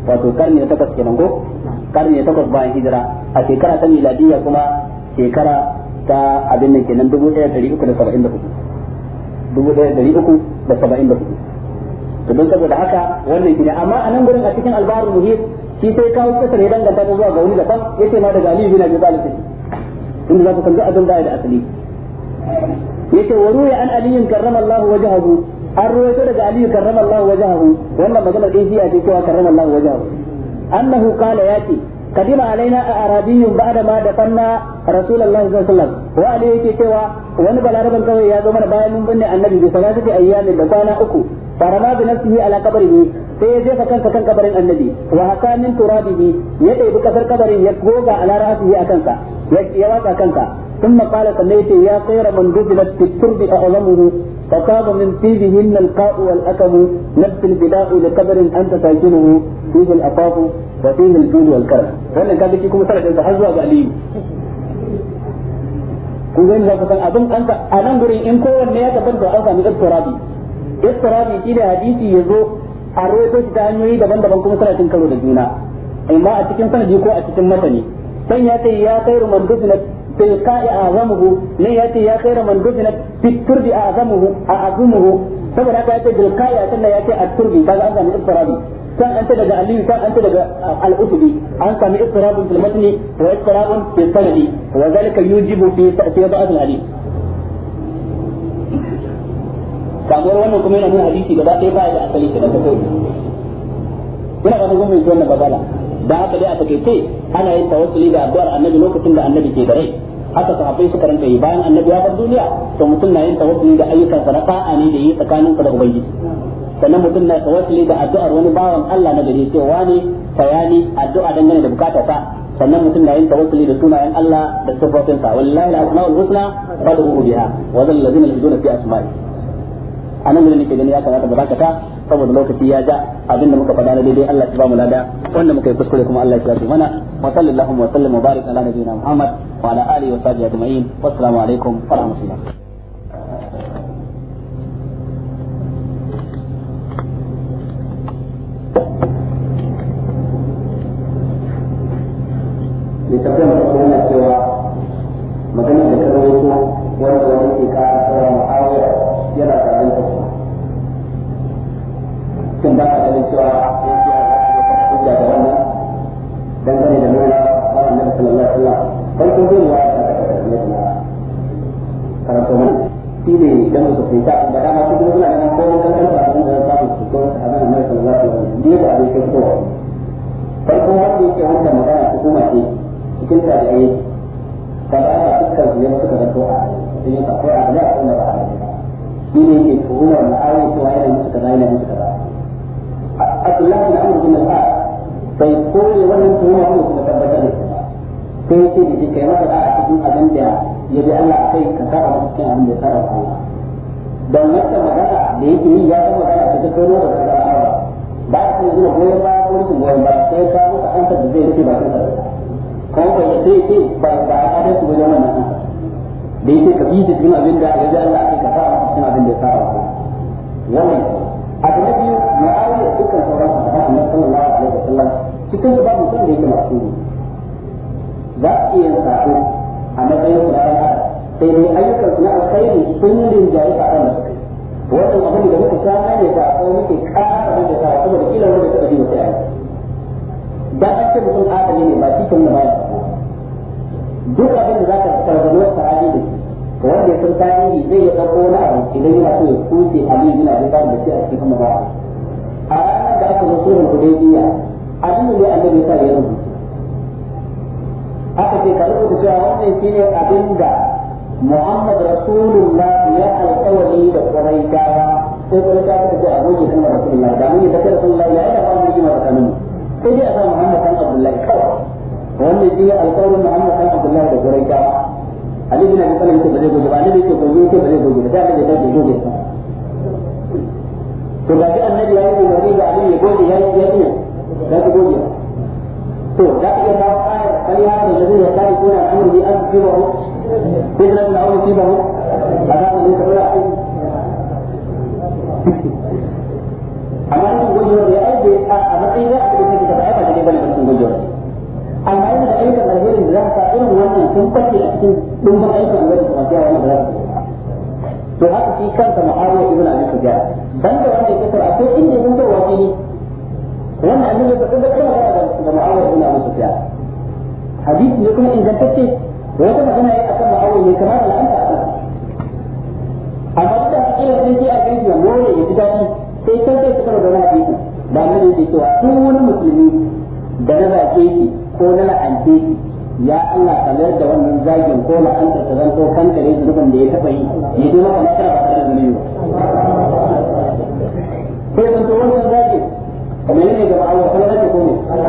wato karni na takwas kenan ko karni na takwas bayan hijira a shekara ta miladiyya kuma shekara ta abin da kenan dubu ɗaya ɗari uku da saba'in da hudu dubu ɗaya ɗari uku da saba'in da hudu to don saboda haka wannan shine amma a nan gurin a cikin albarul muhit shi sai kawo kasar ya danganta ta zuwa ga wani daban yace ma daga aliyu bin abi talib inda za ku san duk abin da da asali yace wa ruya an aliyin karramallahu wajhahu an ruwaito daga aliyu karramallahu wajhahu wannan maganar din shi a ce cewa karramallahu wajhahu annahu qala yati قدم علينا أعرابي بعد ما دفنا رسول الله صلى الله عليه وسلم وعليه كيوا ونبل عربا قوي يا زمن بايا من بني النبي بثلاثة أيام لقانا أكو فرما بنفسه على قبره sai ya فكان kansa kan kabarin annabi wa haka min turabihi ya ɗebi kasar kabarin ya goga ala ra'sihi ثم قال سميت يا خير من جبلت في الترب أعظمه فصاب من فيهن القاء والأكم نفس البلاء لقبر أنت ساكنه فيه الأطاف وفيه الجود والكرم وأنا كان لك كم سنة إذا حزوا بأليم kun za ku san abin an ka a nan gurin in kowanne ya tabbata an sami istirabi istirabi shi ya zo a ta hanyoyi daban-daban kuma suna cin karo da juna amma a cikin sanadi ko a cikin matani dan ya ce ya khairu man dusnat tilqa'i azamuhu ya khairu man dufinat fi turbi azamuhu azamuhu saboda haka yace tilqa'i sannan yace kuma yana nuna hadisi ɗaya ba ya da asali ina ba babala da haka dai a takaice ana yin tawassuli da addu'ar annabi lokacin da annabi ke da rai haka sahabbai suka ranka yi bayan annabi ya bar duniya to mutum na yin tawassuli da ayyukan sadaqa ne da yi tsakanin ka da ubangiji sannan mutum na tawassuli da addu'ar wani bawan Allah na gari cewa ne tayani addu'a dangane da bukata ta sannan mutum na yin tawassuli da sunayen Allah da sifofin sa wallahi al-asmaul husna fad'u biha wa zal ladina yuzuna fi asma'i anan ne nake gani ya kamata da ta saboda lokaci ya ja abinda muka faɗa na daidai Allah ya ba mu lada wanda muka yi kuskure kuma Allah ya shafe mana wa sallallahu wa sallam wa barik ala nabiyina Muhammad wa ala alihi wa sahbihi ajma'in wa assalamu alaikum wa rahmatullah you. hudaybiya abin da annabi sa ya rubuta cewa wannan shine abin da Muhammad Rasulullah ya alƙawari da gaba sai kuma ta Rasulullah da mun yi ya yi fara jima da kanin sai dai a sa Muhammad kan Abdullah kawai wannan shine alƙawarin Muhammad kan Abdullah da gaba Ali bin Abi Talib yake zai goge ba yake zai da goge ba to ga annabi ya za ka goge to za ka iya kawo ayar bal ya da zai ya kai kuna amri an sibahu bidan da aure sibahu azabun ne kabara ai amma ni goge ne ai bai a matsayin ya abin da kake da ai ba da bane sun goge amma yana da ayyukan da alherin da ka irin wannan sun kwace a cikin dumbin ayyukan da za ka wani da za ka to haka shi kansa ma'awiyar ibn abi sufyan banda wannan kasar akwai inda ya zanto wa wannan annabi ba kun da kuma fara da mu'awar ibn Abu Sufyan hadisi ne kuma ingantacce wata magana yayi akan mu'awar ne kamar al'anta amma da kira sai sai a gaji ya more ya ji dadi sai kan sai suka da wani hadisi da mun yake cewa duk wani musulmi da na zake shi ko na la'ance shi ya Allah ka mayar da wannan zagin ko la'anta ta zanto kankare zunubin da ya taba yi ya je maka makara ba tare da zunubi ba sai zanto wannan zagin ne gaba Allah falala ce ko ne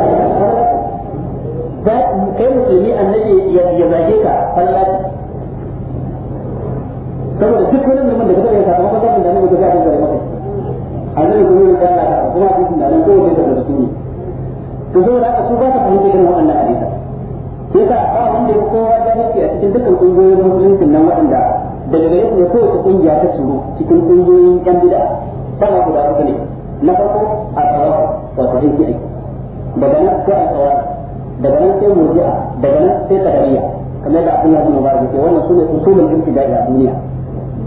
da kai musulmi annabi ya zage ka falala saboda duk wani zaman da kaga ya samu kasafin da annabi ya zage ka maka annabi kuma ya zage ka kuma a cikin da annabi ko ya zage to saboda haka su ba ka fahimta irin waɗannan hadisa sai ka ba wanda ya kowa jahilci a cikin dukkan ƙungiyoyin musulunci nan waɗanda daga gare su ne kowace kungiya ta tsoro cikin ƙungiyoyin yan bid'a ba na guda uku ne na farko wato aiki aiki daga nan sai alkawar daga nan sai murji'a daga nan sai kadariya kamar da abdullahi bin mubarak yake wannan sune usulul ibtida'i a duniya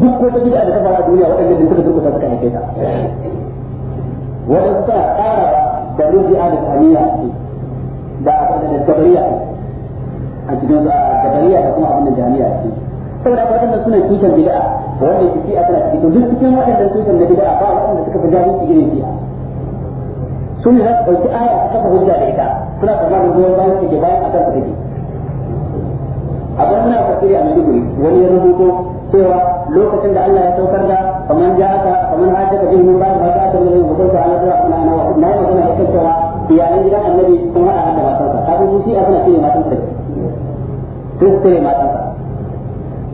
duk ta bid'a da ta fara a duniya waɗanda da suka durkusa suka haife ta waɗansu suna ƙara da murji'a da kadariya da da kadariya a cikin kadariya da kuma abin da jami'a ce saboda waɗannan suna tushen bid'a wanda ke fi'a tana cikin duk cikin waɗannan kishin na bid'a ba waɗanda suka fi jahilci irin fi'a sun za su ɗauki aya a kafa hujja da ita suna tsammanin goyon bayan su ke bayan a kan su take abin muna fasiri a Maiduguri wani ya rubuto cewa lokacin da Allah ya saukar da kaman ja'aka kamar hajjaka bihi min ba'd ma ja'aka min al-bukhari ta ala sura na na na ya magana akan cewa iyalan gidan annabi sun hada da matansa kafin shi a kana cewa matansa sai sai matansa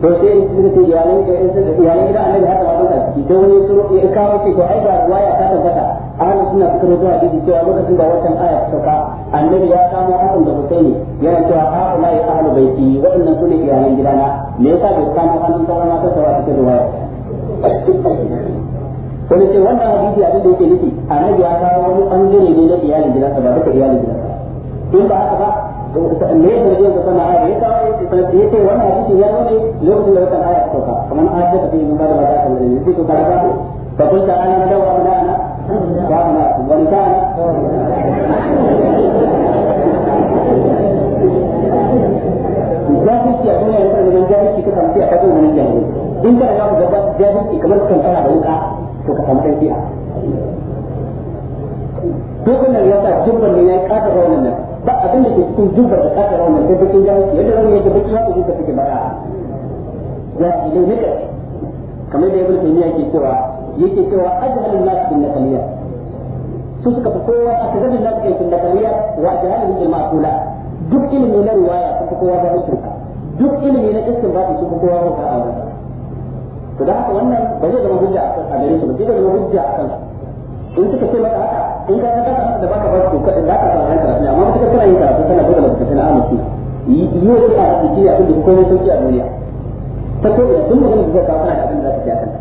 to sai in suka ce iyalan ka in suka iyalan gidan annabi haka ba ta ciki to wani ya kawo ce to ai ba ta tabbata ahlus sunna suka rubuta hadisi cewa lokacin da wannan aya ta sauka annabi ya kamo hakan da husaini yana cewa ha'ula ya ahlu baiti waɗannan su ne iyalan gidana me yasa bai kamo hannun sauran ta sauran cikin ruwaya wani ce wannan hadisi abin da yake nufi annabi ya kawo wani bangare ne na iyalin gidansa ba duka iyalin gidansa in ba haka ba ne da zai ga sana aya ya kawo ya ce wannan hadisi ya nuna lokacin da wannan aya sauka kamar an ce mun ba da ba kan da yake to kaga ko fa kun ta ana da wa ana ana ba ana wani ta ana jahilci a duniya yana da jahilci ka samu a kaje wani jahilci in ka ga gaba jahilci kamar kan tsara da wuka to ka samu ɗan duk wannan ya sa jibban ne ya kasa wannan nan ba abin da ke cikin zubar da kasa rauni sai bakin jawo yadda rauni yake bakin haka zuka suke baya ya ilai nika kamar da ibn taymiya ke cewa yake cewa ajhalun nas bin nakaliya su suka fi kowa a tazalin nas bin nakaliya wa ajhalun bil ma'qula duk ilimi na riwaya sun fi kowa ba hukunta duk ilimi na istinbati sun fi kowa ba a wurin to da haka wannan ba zai zama hujja a kan a gare su ba zai zama hujja a kan in suka ce maka haka in ka ka da baka ba su ka da ka fara karatu amma mutum kana yin karatu kana gudu da mutum na amince yi yi a cikin abin da komai sauki a duniya ta ko da duk magana da zaka fara da abin da zaka ji akan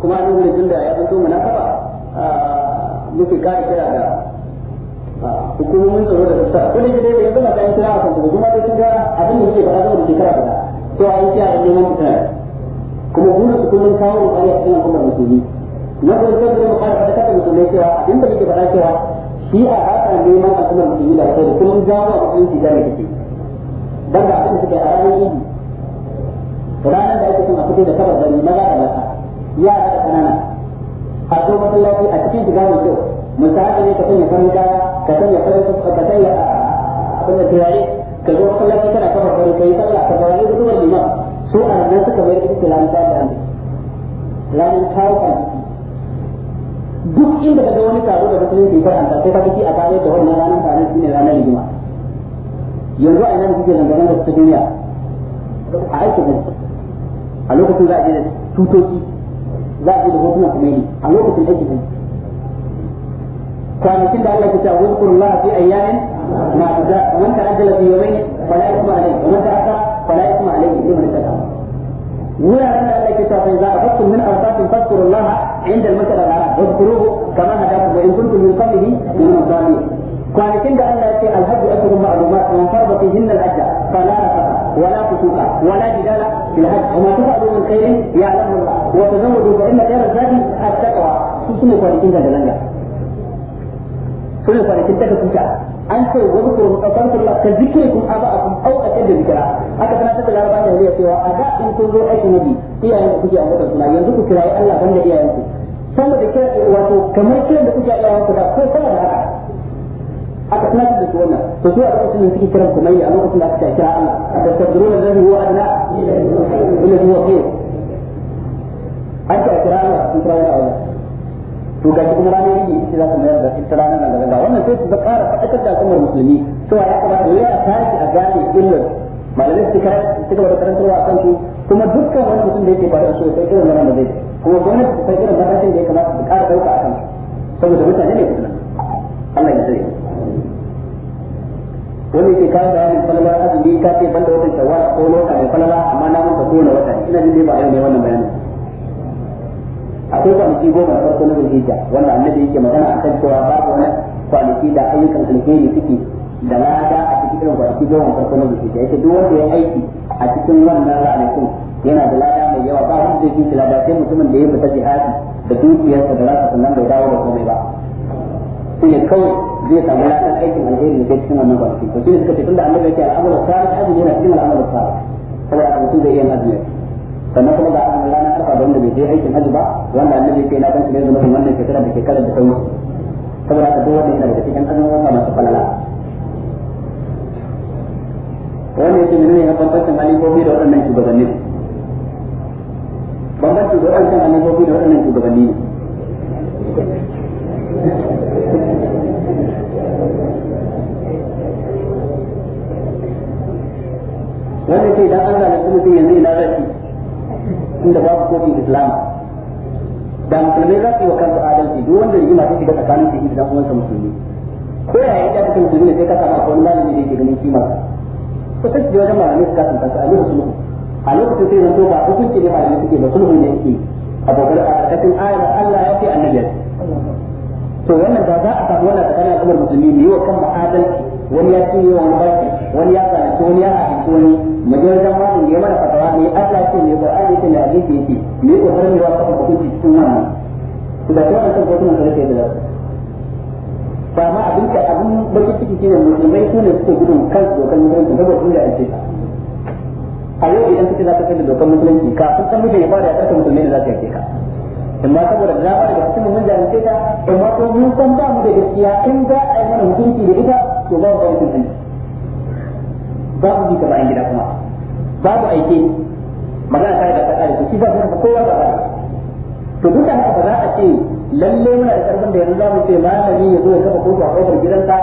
kuma an yi tun da ya zanto kafa muke kare kira da hukumomin tsaro da sassa ko da dai yanzu na kan kira akan su kuma dai sun ga abin da yake faɗa saboda shekara guda to a yi kiyaye neman fitar kuma burin su kullum kawo ruwa a cikin al'ummar musulmi na da ba fara fata da musulmai cewa abin da yake faɗa cewa shi a haka neman al'ummar musulmi da kai kullum jawo a musulunci da ne abin da a ranar ranar da ake son a fito da kabar maza da mata yara da ƙanana a zo masallaci a cikin shiga mai kyau misali ne ka sanya ka sanya ka sanya ah, abin da turare ka zo kana kabar sallah ka da kuma liman su a nan suka bayar da ta da ranar kawo duk inda kaga wani taro da musulunci bai faranta sai ka shi a tare da wannan ranar tare shi ne ranar lijima yanzu a ina da kuke zanga da ta duniya a aiki ne a lokacin za a je da tutoci za a je da hotunan kumeni a lokacin aiki ne kwanakin da Allah ke cewa wazkurullah fi ayyamin ma'duda man ta'ajjala fi yawmin fala yasma alayhi wa man ta'akhkhara fala yasma ne liman ittaqa من أبناء إليك إذا أردتم من أوقاتكم فاذكروا الله عند المسألة العام واذكروه كما هداكم وإن كنتم من قبله من الظالمين قال كن بأن يأتي الهج أكثر معلومات من فرض فيهن الأجر فلا نفقة ولا فسوق ولا جدال في الهج وما تفعلوا من خير يعلمه الله وتزوجوا فإن دار الزاد التقوى سنة فالكين هذا لنا سنة فالكين تكتشع أنت وذكر وقصرت الله كذكركم أباءكم أو أكد ذكرها aka kana da laraba da wuriya cewa a da in kun zo aikin nabi iyayen ku kuke ambata suna yanzu ku kirayi Allah banda iyayen ku da kira wato kamar kiran da kuke iyayen ku da ko sama da haka aka kana da su wannan to su a lokacin da suke kiran kumayya a lokacin da aka kira Allah da sabduru da zai huwa adna ila huwa khair an ta kira Allah sun kira Allah to ga kuma ranar yi shi za ta mayar da ita ranar nan da wannan sai su ba ƙara faɗakar da al'ummar musulmi cewa ya kamata ya tashi a gane illar malamai su kara su gaba da karantarwa a kan su kuma dukkan wani mutum da yake faɗa su sai irin wannan da zai kuma gwamnati ta san irin matakin da ya kamata su ƙara ɗauka a kan saboda mutane ne kuma Allah ya sani wani ke kawo bayanin falala azumi ka ce banda watan shawwal ko loka mai falala amma na mun ka kowane wata ina jin dai ba yau ne wannan bayanin akwai kwanaki goma na farko na zulhijja wanda annabi yake magana akan cewa babu wani kwanaki da ayyukan alheri suke da lada cikin kwanaki goma farko na zuciya yake duk wanda ya aiki a cikin wannan ra'ayin yana da lada mai yawa ba wanda zai fi lada sai mutumin da ya fita jihadi da dukiyarsa da rasa sannan bai dawo da komai ba sai ya kawai zai samu ladan aikin alheri da cikin wannan kwanaki to shi ne suka ce tunda annabi yake al'amuran sa'a azumi yana cikin al'amuran sa'a saboda haka mutum zai iya azumi sannan kuma ga an lana arfa da wanda bai je aikin hajji ba wanda annabi yake na kan shi ne zama wannan shekara da shekarar da ta wuce saboda haka duk wanda yana da cikin annabawa masu falala wanda yake menene ya bambancin halifofi da waɗannan shugabanni bambancin da waɗancan halifofi da waɗannan shugabanni ne wanda yake idan an zalunci mutum yanzu ina zafi inda babu kofin islam da musulmai za su yi wa kansu adalci duk wanda rigima ta shiga tsakanin su da kuma uwansa musulmi ko yaya ya ta cikin musulmi ne sai ka samu akwai wani malami da yake ganin kima ko sai je wajen malamai su ka san ba a lokacin sulhu a lokacin sai zanto ba hukunci ne malamai suke ba sulhu ne yake abokan a ƙarƙashin ayar Allah ya ce annabi to wannan ba za a samu wannan tsakanin al'ummar musulmi ne a kan ma'adalci wani ya cinye wani baki wani ya zalunci wani ya haɗu wani majalisar wani ne mana fatawa ne Allah ce ne yi ce ne hadisi yake ne ƙoƙarin ne wa kan hukunci cikin wannan da ta wannan kan kotun da take ba ma abin da abin baki ciki shine musulmai su ne suke gudun kan dokan musulunci saboda sun da ake a yau idan kake za ka kai da dokan musulunci kafin kan mutum ya fara ya karka musulmai da za ka yake ka in ma saboda na fara da cikin mun jami'ai ta in ma ko mun san ba mu da gaskiya in za a yi mana hukunci da ita to ba mu ba mutunci babu ji ka bayan gida kuma ba babu aike magana ta da ta kare shi ba kowa ba to duka haka ba za a ce lalle muna da karfin da yanzu za mu ce malami ya zo ya kafa kofa a kofar gidanka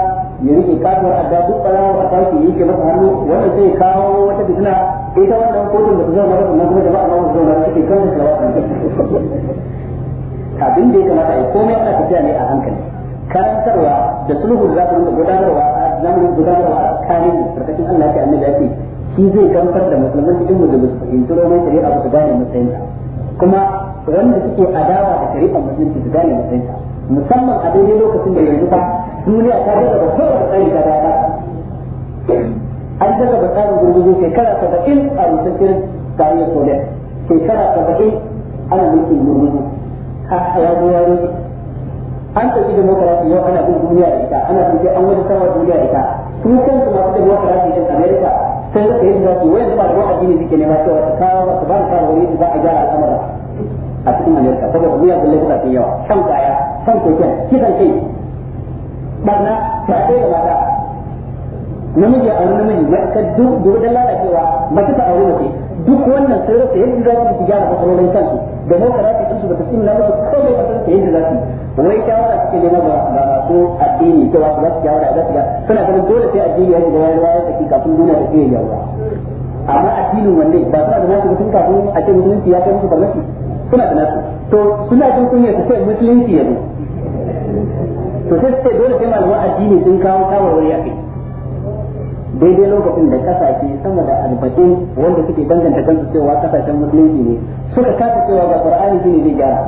ya rike a adda duk barawo a sake yi ke masa hannu wanda zai kawo wata fitina ita wannan kotun da ta zama masa kuma jama'a ma su zauna suke kan su rawa abin da ya kamata ya komai ana tafiya ne a hankali karantarwa da sulhu da za ku rinka gudanarwa a zamanin gudanarwa a tsakanin karkashin Allah ya annabi ya ce shi zai kamfar da musulman cikin mu da su roman shari'a ba su gane matsayinsa kuma wanda suke adawa da shari'ar musulunci su gane musulunta musamman a daidai lokacin da yanzu fa duniya ta daga da kowace tsari ta dada an daga da tsarin gurguzu ta saba'in a rusasshen tarayyar soviet shekara saba'in ana mulkin gurguzu har ya zo ya rufe an tafi demokarasi yau ana bin duniya da ita ana bin an wani sarwa duniya da ita su kansu masu demokarasi ɗin amerika da ta yi zafi wani ba da wa'adi ne suke nema cewa su kawo su ba da wani su ba a gyara al'amuran a cikin Amerika saboda wuya gulle kuka fi yawa shan kaya shan koken kisan kai barna fyaɗe da mata namiji a wani namiji ya ka duk da lalacewa mace ta aure mace duk wannan sai rasa yadda za su gyara matsalolin kansu da mu karatu kansu da ta tsinna musu kawai a kansu yadda za su wai shawara suke nema ba ba ko addini cewa ba su za su kyawara a ga suna ganin dole sai addini ya shiga wani wayar take kafin duniya ta ke yawa amma addinin wanne ba suna da nasu mutum kafin a ce mutum ya kai musu farmaki suna da nasu to suna jin kunya su ce musulunci yanzu to sai su ce dole sai malaman addini sun kawo shawarwari ya kai daidai lokacin da kasashe sama da arba'in wanda suke danganta kansu cewa kasashen musulunci ne suka kasa cewa ga qur'ani shine zai gyara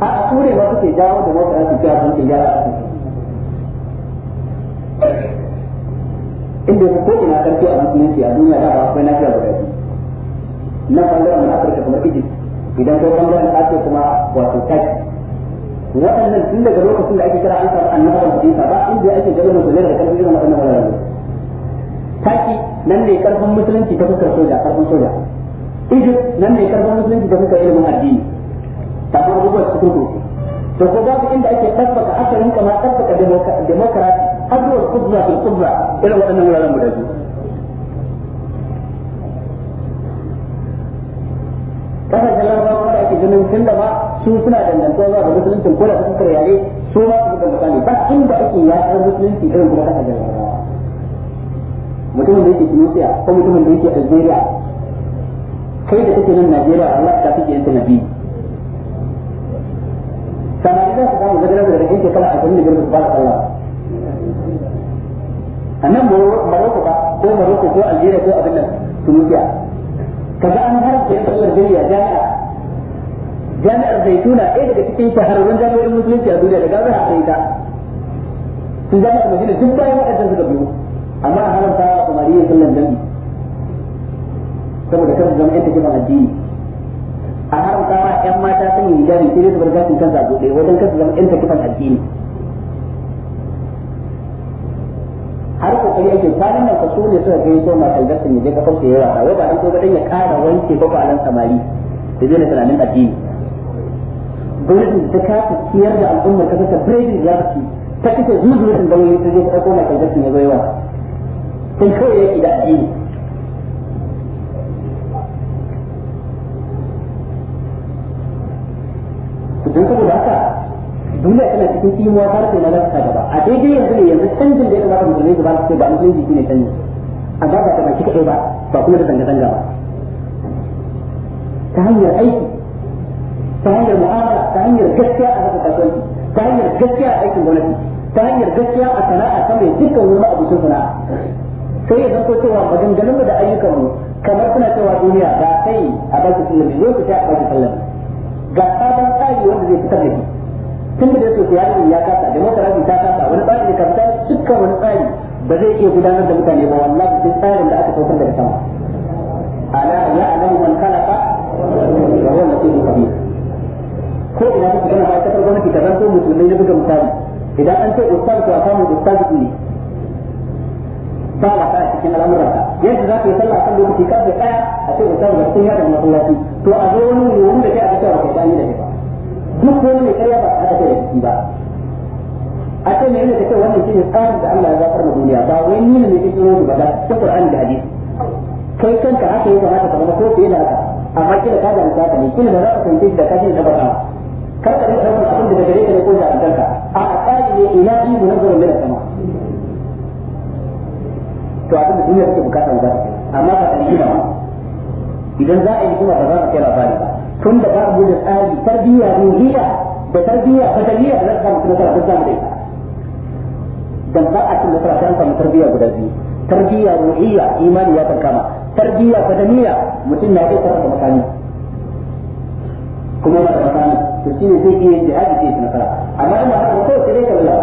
a a ture ma suke jawo da wata su gyara sun ke gyara a inda ko ina karfi a musulunci a duniya da ba akwai nafiya guda biyu na bangaren na afirka kuma kiji idan ko bangaren kace kuma wato kai waɗannan tun daga lokacin da ake kira an samu da hadisa ba inda ake gano musulmai da karfin irin waɗannan wuraren taki nan ne karfin musulunci ta fuskar soja karfin soja Egypt nan ne karfin musulunci ta fuskar ilimin addini ta kuma rubuwa su kuma kusa to ko babu inda ake tabbata asalin kama tabbata demokarati abubuwar kubra fil kubra irin waɗannan wuraren guda biyu kasashen da sallama su suna nan zuwa ga musulunci ko da su suka yare su ma su buga misali ba inda ake yaƙar musulunci irin kuma haka jama'a mutumin da yake Tunisia ko mutumin da yake Algeria kai da kake nan Najeriya Allah ta fi na nabi samari za su samu gadara daga rikin shekara ashirin da biyar su fara sallah a nan Morocco ba ko Morocco ko Algeria ko abin nan Tunisia kaga an harfe sallar jami'a jami'a jami'ar zaituna ɗaya daga cikin shahararrun jami'ar musulunci a duniya da gaza a sai ta sun jami'ar madina duk bayan waɗancan suka biyo amma a haramta a samariya sallan lantarki saboda kan zama yan tafiya addini a haramta wa yan mata sun yi hijabi sai su bar gashin kansa a buɗe wajen kan zama yan tafiya addini har ko kai ake kwanan nan ka sune suka kai so ma kalgasin ne je ka kauce yawa wai ba dan ko ba dan ya ƙara wanke kwakwalan samari da zai na tunanin addini gwamnatin da ka ciyar da al'umma ta saka biredin ya fi ta kace zuzurin da wani ta je ta koma kai na zai wa sun kawai yake da addini don saboda haka duniya tana cikin kimuwa ta rufe na lafiya gaba a daidai yanzu ne yanzu canjin da ya kamata musulmi su ba su ba musulmi jiki ne canji a ba ta ba shi kaɗai ba ba kuma da zanga-zanga ba ta hanyar aiki ta hanyar mu'amala ta hanyar gaskiya a haka kasuwanci ta hanyar gaskiya a aikin gwamnati ta hanyar gaskiya a sana'a ta mai dukkan wani abu sun sana'a sai ya zanto cewa maganganunmu da ayyukanmu kamar suna cewa duniya ga kai a baki sallami yau ku a baki sallami ga sabon tsari wanda zai fitar da shi tun da yake yi ya kasa demokarasi ta kasa wani tsari ne kamta dukkan wani tsari ba zai iya gudanar da mutane ba wallahi sai tsarin da aka saukar daga sama ala alamu man khalaqa wa huwa al-latiful khabir ko ina kake gana ba kasar gwamnati kaza ko musulmai na buga misali idan an ce ustaz to a samu ustaz ne ba a ka cikin al'amuran ka yanzu za ka yi sallah kan lokaci ka sai tsaya a ce ustaz da sun yada to a zo wani ne da kai a ga cewa ka da ba duk wani ne kai ba a ga da shi ba a ce ne ne ka ce wannan shine tsarin da Allah ya zafar na duniya ba wai ni ne ke kiro ba da ta Qur'ani da hadisi kai kanka haka yake haka kamar ko fiye da haka amma kila ka da misali ne kila ba za ka fahimce da kashi da baka kada ka rika abin da daga gare ka ne ko da kanka a akali ne ina yi mu nan gurin da sama to abin da duniya take bukata mu za ta amma ba ta gina ba idan za a yi kuma ba za ka kai labari ba tun da babu da tsari tarbiyya ruhiya da tarbiyya fataliya za ka samu nasara ta samu da ita dan ba a cikin nasara ta samu tarbiyya guda biyu tarbiyya ruhiyya, imani ya kankama tarbiyya fataliya mutum na kai karanta makami kuma ba da makami to shi ne zai iya jihadi ce shi nasara amma in ba haka kawai sai dai ka lura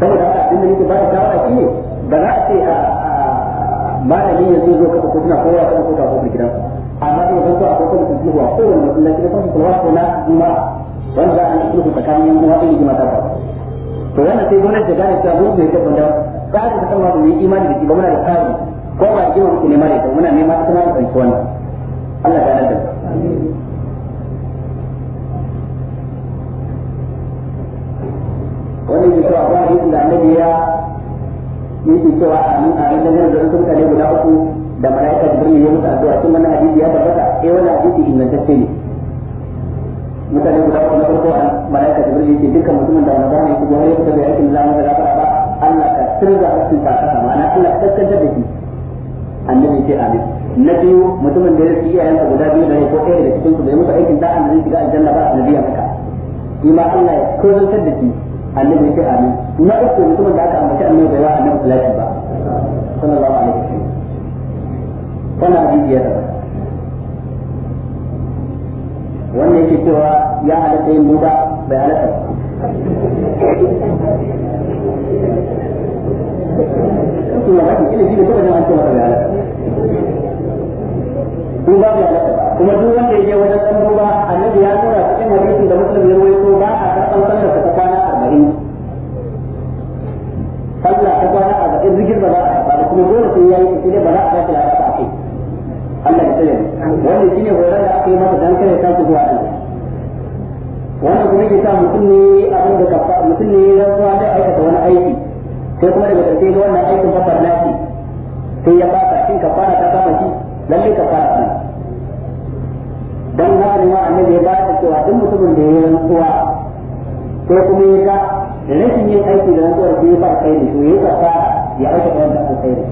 saboda haka abin da nake ba da shawara shi ne ba za a ce a malami ya zo kafa ko suna kowa kafa ko kafa gidan amma in zan a kofar da sulhu a kowane masallaci da kan sulhu ko na juma'a wanda za a yi sulhu tsakanin yan uwa ɗin jima kuma to wannan sai gwamnati ta gane cewa mun bai tabbata ba za ta san ma yi imani da shi ba muna da tsari ko ba da jima muke nema da ita muna nema ta ma da wannan Allah ta nan da wani ke cewa ba da annabi ya yake cewa amin amin da zai sun kare guda uku da malaika jibril ya musu addu'a shin wannan hadisi ya tabbata eh wannan hadisi ingantacce ne mutane guda uku na farko malaika jibril yake dukkan mutumin da ramadan ya shigo har ya fita da yakin da zamu da ba Allah ka sirra hasin ta kasa ma'ana Allah ka kaskanta da shi annabi ce amin na biyu mutumin da ya fi iyayen ka guda biyu da ne ko kai da cikin su bai musu aikin da an zai shiga aljanna ba sanadi a haka shi ma Allah ya kozantar da shi annabi ya ce amin na uku mutumin da aka ambaci annabi bai wa annabi salati ba sallallahu alaihi wasallam wannan hadisi ya tabbata wannan yake cewa ya halatta yin duba bai halatta ba kuma ba ki ilimi da kuma an ce masa bai halatta duba kuma duk wanda ya je wajen dan duba annabi ya nuna cikin hadisin da muslim ya rawaito ba a karɓar da ta kwana arba'in sallah ta kwana arba'in zikir ba za a karɓa da kuma dole sai ya yi sai ba za a ba shi lafiya a kai Allah ya tsare wanda ne horar da aka yi masa dan kare kansa zuwa Allah wannan kuma yake sa mutum ne abin da kafa mutum ne zuwa da aikata wani aiki sai kuma daga ƙarshe ga wannan aikin kafar nashi sai ya ba ka fata ka fara ta kama shi lalle fara ta dan na ma annabi ya bada cewa duk mutumin da ya yi rantsuwa ko kuma ya ga rashin yin aiki da rantsuwar sai ya ba kai ne to ya ka ya aika kayan da kai ne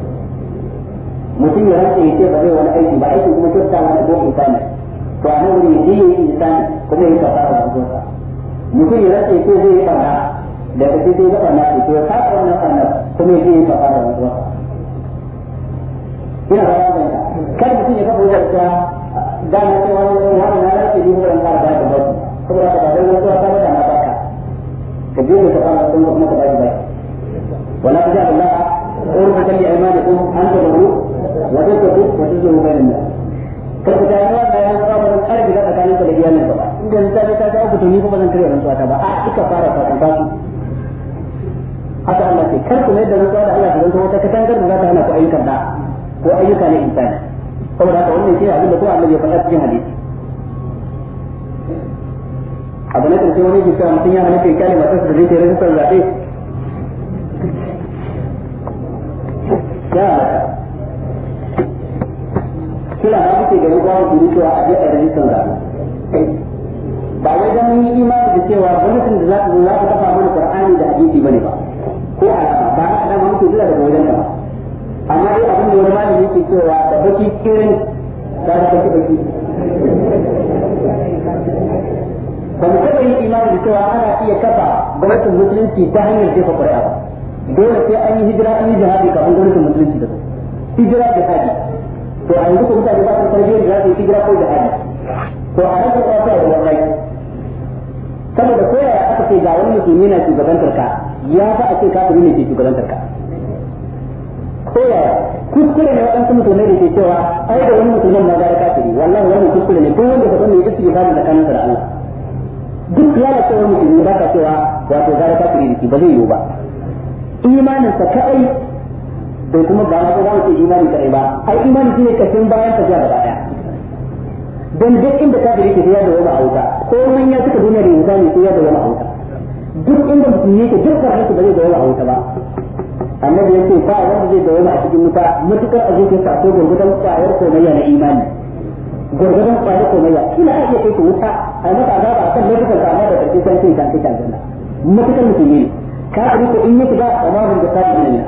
mutum ya rantsa ya ce ba zai wani aiki ba aiki kuma kyauta wani ko insani to a nan wuri ya yi yin insani kuma ya ka fara rantsuwa mutum ya rantsa ya ce zai yi barna da ka ce zai ga barna to ya fara wannan barna kuma ya ce ya ka fara rantsuwa ina ba ta kar mutum ya kafa wajen da na wani wani na rafe ni wurin fara da ba da ka ba dan wasu ta da na baka ka je ka fara sun kuma ka ba da wala ta ja Allah قربة لأيمانكم أن تبروا وتتقوا وتزوروا بين الناس karku ta yi wanda ya zuwa wani da tsakanin ka da iyalin ka ba idan ta ta ta uku tuni kuma zan karya rantsuwa ta ba a kika fara fatan ba haka Allah ce kar ku mai da rantsuwa da Allah ta zanto wata katangar da za ta hana ku ayyukan da ko ayyuka na insani saboda haka wannan shine abin da kuma Allah ya faɗa cikin hadisi abu na karshe wani ke cewa mutum ya halatta ya kyale matarsa da zai tare da son zaɓe ya kila na kuke ga kwanu kuri cewa a je a yi son zaɓe ba wai don yi imani da cewa gwamnatin da za ta zo za ta kafa mana qur'ani da hadisi bane ba ko a ba haka dama muke jira daga wajen ba amma dai abin da wani malami yake cewa da baki kirin da ta baki baki ba mu taɓa yin imani da cewa ana iya kafa gwamnatin musulunci ta hanyar jefa ƙuri'a dole sai an yi hijira an yi jihadi kafin gwamnatin musulunci da hijira jihadi to a yanzu ko mutane ba su tarbiyyar da za su yi hijira ko jihadi to a nan kuma sai da wallahi saboda ko yaya aka ce ga wani musulmi na shugabantar ka ya fa a ce kafiri ne ke shugabantar ka ko yaya kuskure ne waɗansu musulmai da ke cewa ai da wani musulman ma gara kafiri wallahi wannan kuskure ne duk wanda ka ne me yake ba da tsakanin da Allah duk lalacewar musulmi ba ka cewa wato gara kafiri ne ba zai yiwu ba imanin sa kai bai kuma ba ma za mu ce imani kai ba ai imani shine kafin bayan ka zuwa gaba daya dan duk inda kafiri ke ya da wani auta ko mun ya suka duniya da insani sai ya da wani auta duk inda musulmi yake duk karatu ba zai dawo ba auta ba annabi yake ba wanda zai da wani a cikin nufa matukar a zuciyarsa ko gurgudan kwayar komayya na imani gurgudan kwayar komayya shi na ake kai su wuta a mata a akan lokacin kama da karfi san kai kan kan janna matukar mutum ne ka ga ko in yake ba amma ban da sabu ne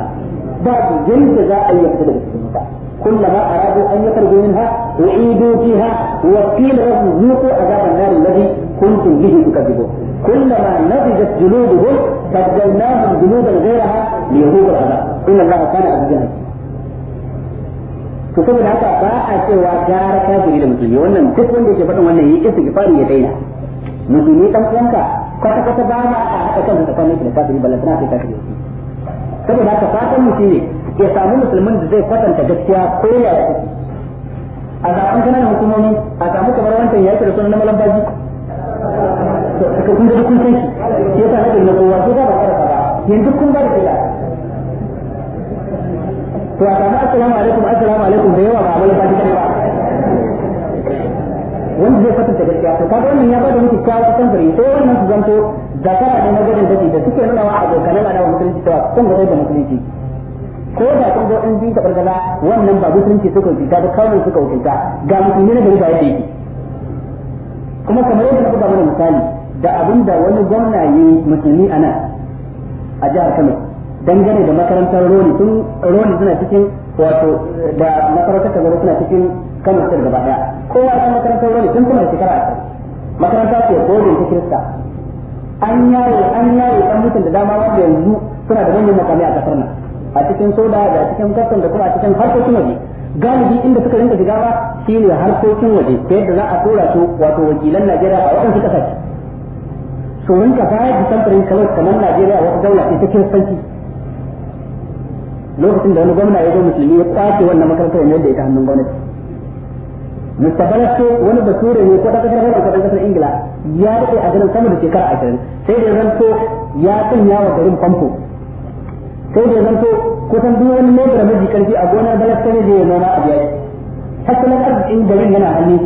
ba da yanda za a yi fita da cikin wuta كلما أرادوا أن يخرجوا منها أعيدوا فيها وقيل لهم ذوقوا عذاب النار الذي كنتم به تكذبون كلما نضجت جلودهم بدلناهم جلودا غيرها ليذوقوا العذاب إن الله كان عزيزا to saboda haka ba a cewa gara kafiri da musulmi wannan duk wanda yake faɗin wannan yi istighfari ya daina musulmi dan uwanka kwata kwata ba ma a haɗa kansa tsakanin shi da kafiri ballan tana kai kafiri saboda haka fatan mu shine ya samu musulmin da zai kwatanta gaskiya ko ya a zaɓen kananan hukumomi a samu kamar wancan yaki da sunan malambaji suka kun kun san shi yasa nake na kowa ko da ba ba yanzu kun ba da to a samu assalamu alaikum assalamu alaikum da yawa ba wani ba ba wanda zai fata da gaskiya to kaga wannan ya bada miki kawo kusan gari sai wannan su zanto zakara ne na gudun daji da suke nuna wa abokanan ana musulunci cewa kun ga da musulunci ko da kun ga in biyu tabargaza wannan ba musulunci suka wuce da kawai suka wuce ga musulmi na gari ba yake kuma kamar yadda na buga mana misali da abin da wani gwamna ya yi musulmi a nan a jihar Kano dangane da makarantar Roni sun Roni suna cikin wato da makarantar Kano suna cikin Kano sai gaba daya kowa ya makarantar Roni sun kuma da shekara a makaranta ce gobe ta Kirista an yawo an yawo an mutum da dama wanda yanzu suna da manyan makamai a kasar nan a cikin soda da cikin kasan da kuma a cikin harkokin waje galibi inda suka rinka shiga ba shine harkokin waje ta yadda za a tura su wato wakilan Najeriya a waɗansu kasashe su rinka bayar da samfurin kawai kamar Najeriya wata daula ce ta kiristanci lokacin da wani gwamna ya zo musulmi ya kwace wannan makarantar yadda ita hannun gwamnati mustabalatu wani bature ne ko da kasar Holland kwadon kasar Ingila ya daɗe a ganin sama da shekara ashirin sai da ya zanto ya sanya wa garin famfo sai da zan zanto kusan duk wani lebura maji karfi a gonar balasta ne da ya noma a biyar tattalin arzikin garin yana hannun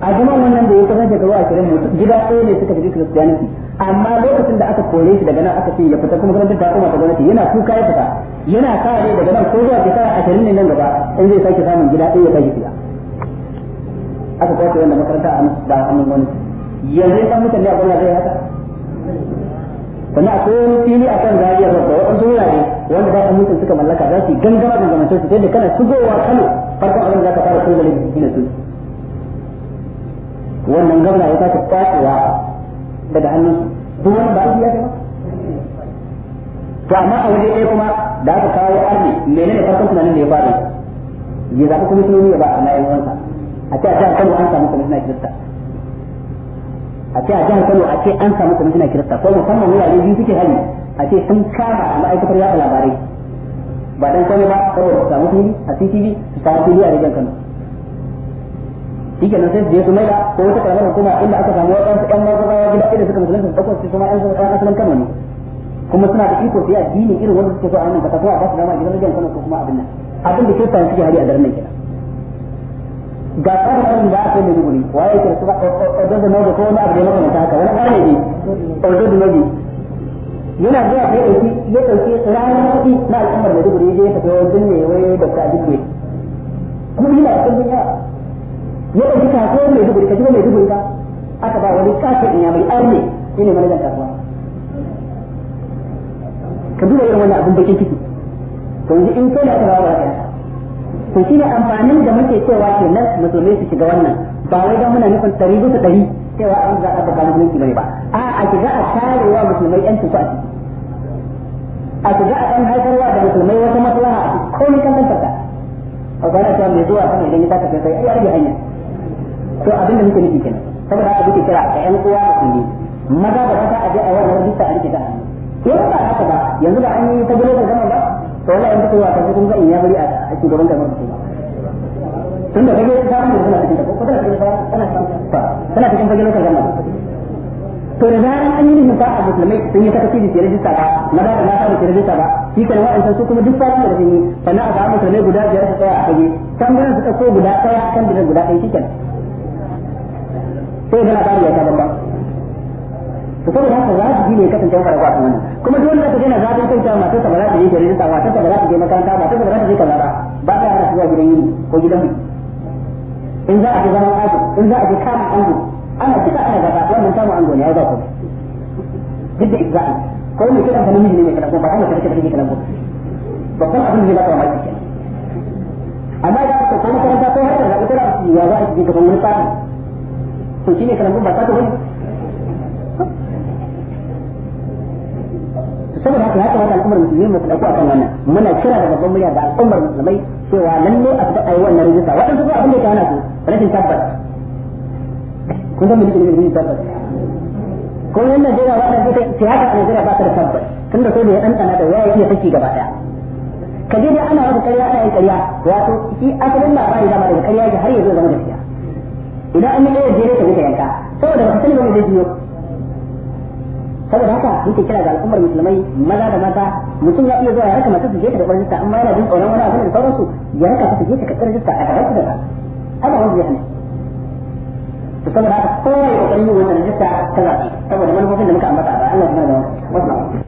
a zaman wannan da ya kasance da a ashirin mutum gida ɗaya ne suka fi kiristiyaniki amma lokacin da aka kore shi daga nan aka ce ya fita kuma karantar da kuma ta gwamnati yana kuka ya fita yana sa daga nan ko zuwa kisa ashirin ne nan gaba in zai sake samun gida ɗaya ya sake fita. aka kwace wanda makaranta a da hannun wani yanzu ya san mutane a gwamnati zai haka sannan akwai wani fili a kan zariyar rabba waɗansu wurare wanda ba a mutum suka mallaka za su yi gangara da zamantar su ta yadda kana shigowa kano farkon abin da za ka fara kogale da laifin su wannan gwamna ya sake kwacewa daga hannun su kuma ba su ya ba to amma a waje ɗaya kuma da aka kawo arni menene farkon tunanin da ya fara ya zaɓi kuma sunoni ya ba a nayin wansa a ce a ce a Kano an samu kwamishina kirista a ce a jihar Kano a ce an samu kwamishina kirista ko musamman wurare biyu suke hali a ce sun kama ma'aikatar yaɗa labarai ba dan sani ba saboda su samu fili a CTV su samu fili a rigar Kano shi kenan sai je su mai da ko wata karamar hukuma inda aka samu waɗansu ɗan mazubawa gida ɗaya da suka musulunta da ɗaukar su kuma ɗan ɗan asalin kano ne kuma suna da iko sai addini irin wanda suke so a nan ba ta kowa ba su dama a gidan rajin kano ko kuma abin nan abin da ke sa suke hari a daren nan kenan ga tsarin da aka yi maiduguri waye ke su ba ɗaukar da nogo ko wani abu da ya makamanta haka wani ƙarni ne ɗaukar da nogo yana zuwa sai ɗauki ya ɗauki ranar kuɗi na al'ummar maiduguri ya je ya tafi wajen dinne wai da ka duk ne kuma yana cikin duniya ya ɗauki kasuwar mai duburi ka shigo mai duburi ba aka ba wani katon in ya mai arne shi ne manajan kasuwa ka duba irin wannan abin bakin ciki to yanzu in kai da aka ba wa raka to shi ne amfanin da muke cewa ke nan musulmi su shiga wannan ba wai don muna nufin ɗari bisa ɗari cewa an za a ba musulunci bane ba a a shiga a karewa musulmai yancin su a ciki a shiga a ɗan haifarwa da musulmai wata maslaha a ciki komai kan kan sarka a gwana cewa mai zuwa kan idan ya saka sai ai ya rage hanya to abin da muke nufi kenan saboda haka muke kira ga ƴan uwa ne maza da mata a je a wannan rubuta an rike ta yau ba haka ba yanzu da an yi ta gulo da zaman ba to wala in fitowa ta cikin zan ya bari a shugaban gaban su ba tunda kage ta mun suna cikin ta ko tana cikin ta tana cikin ta tana cikin fage lokacin zaman to da zaran an yi ni nufa a musulmai sun yi takasiri ke rijista ba maza da mata da rijista ba shi kan wa'ancan su kuma duk fara da sun yi sannan a ga mutane guda biyar su tsaya a fage kan gudan su ɗauko guda ɗaya kan gidan guda ɗaya shi kenan sai kana ƙara yauta babba to saboda haka za su ne kasance maka rabuwa kan wannan kuma duk wanda ka daina zafin kai cewa matarsa ba za ta je ta rinsa ta ba za ta je makaranta ta ba za ta je kaza ba ba ta yana zuwa gidan yini ko gidan mu in za a je zaman aji in za a je kama ango ana cika ana gaba wannan samu ango ne ya ba ku duk da ibza'i ko mai kiran fa namiji ne mai ko ba ana karkata kike kiran ko babban abin da ya ba ta mamaki amma da ka ko makaranta ko har da zaɓi ta ya za a cikin gaban wani to shi ne kalangun ba sata wani saboda haka ya kamata al'ummar musulmi mu a kan wannan muna kira da babban murya da al'ummar musulmai cewa lalle a fita ayi wannan rijista waɗansu ba abin da ya hana su rashin tabbas kun ga mulkin rashin tabbas ko yan Najeriya waɗanda suka ce haka a Najeriya ba ta da tabbas da so da ya ɗanɗana da waya iya saki gaba ɗaya ka je dai ana maka ƙarya ana yin ƙarya wato shi asalin labari dama daga ƙarya har ya zo zama gaskiya idan an yi ne jere ka muka yanka saboda baka sani ba mu zai biyo saboda haka yake kira ga al'ummar musulmai maza da mata mutum ya iya zuwa ya raka mata su je ta da rajista amma yana jin tsoron wani abu da sauransu ya raka su je ta karɓar rajista a gaban su da ba haka wanda ya hana to saboda haka kowa ya kokarin yin wannan rajista ta zaɓe saboda manufofin da muka ambata ba Allah ya da wasu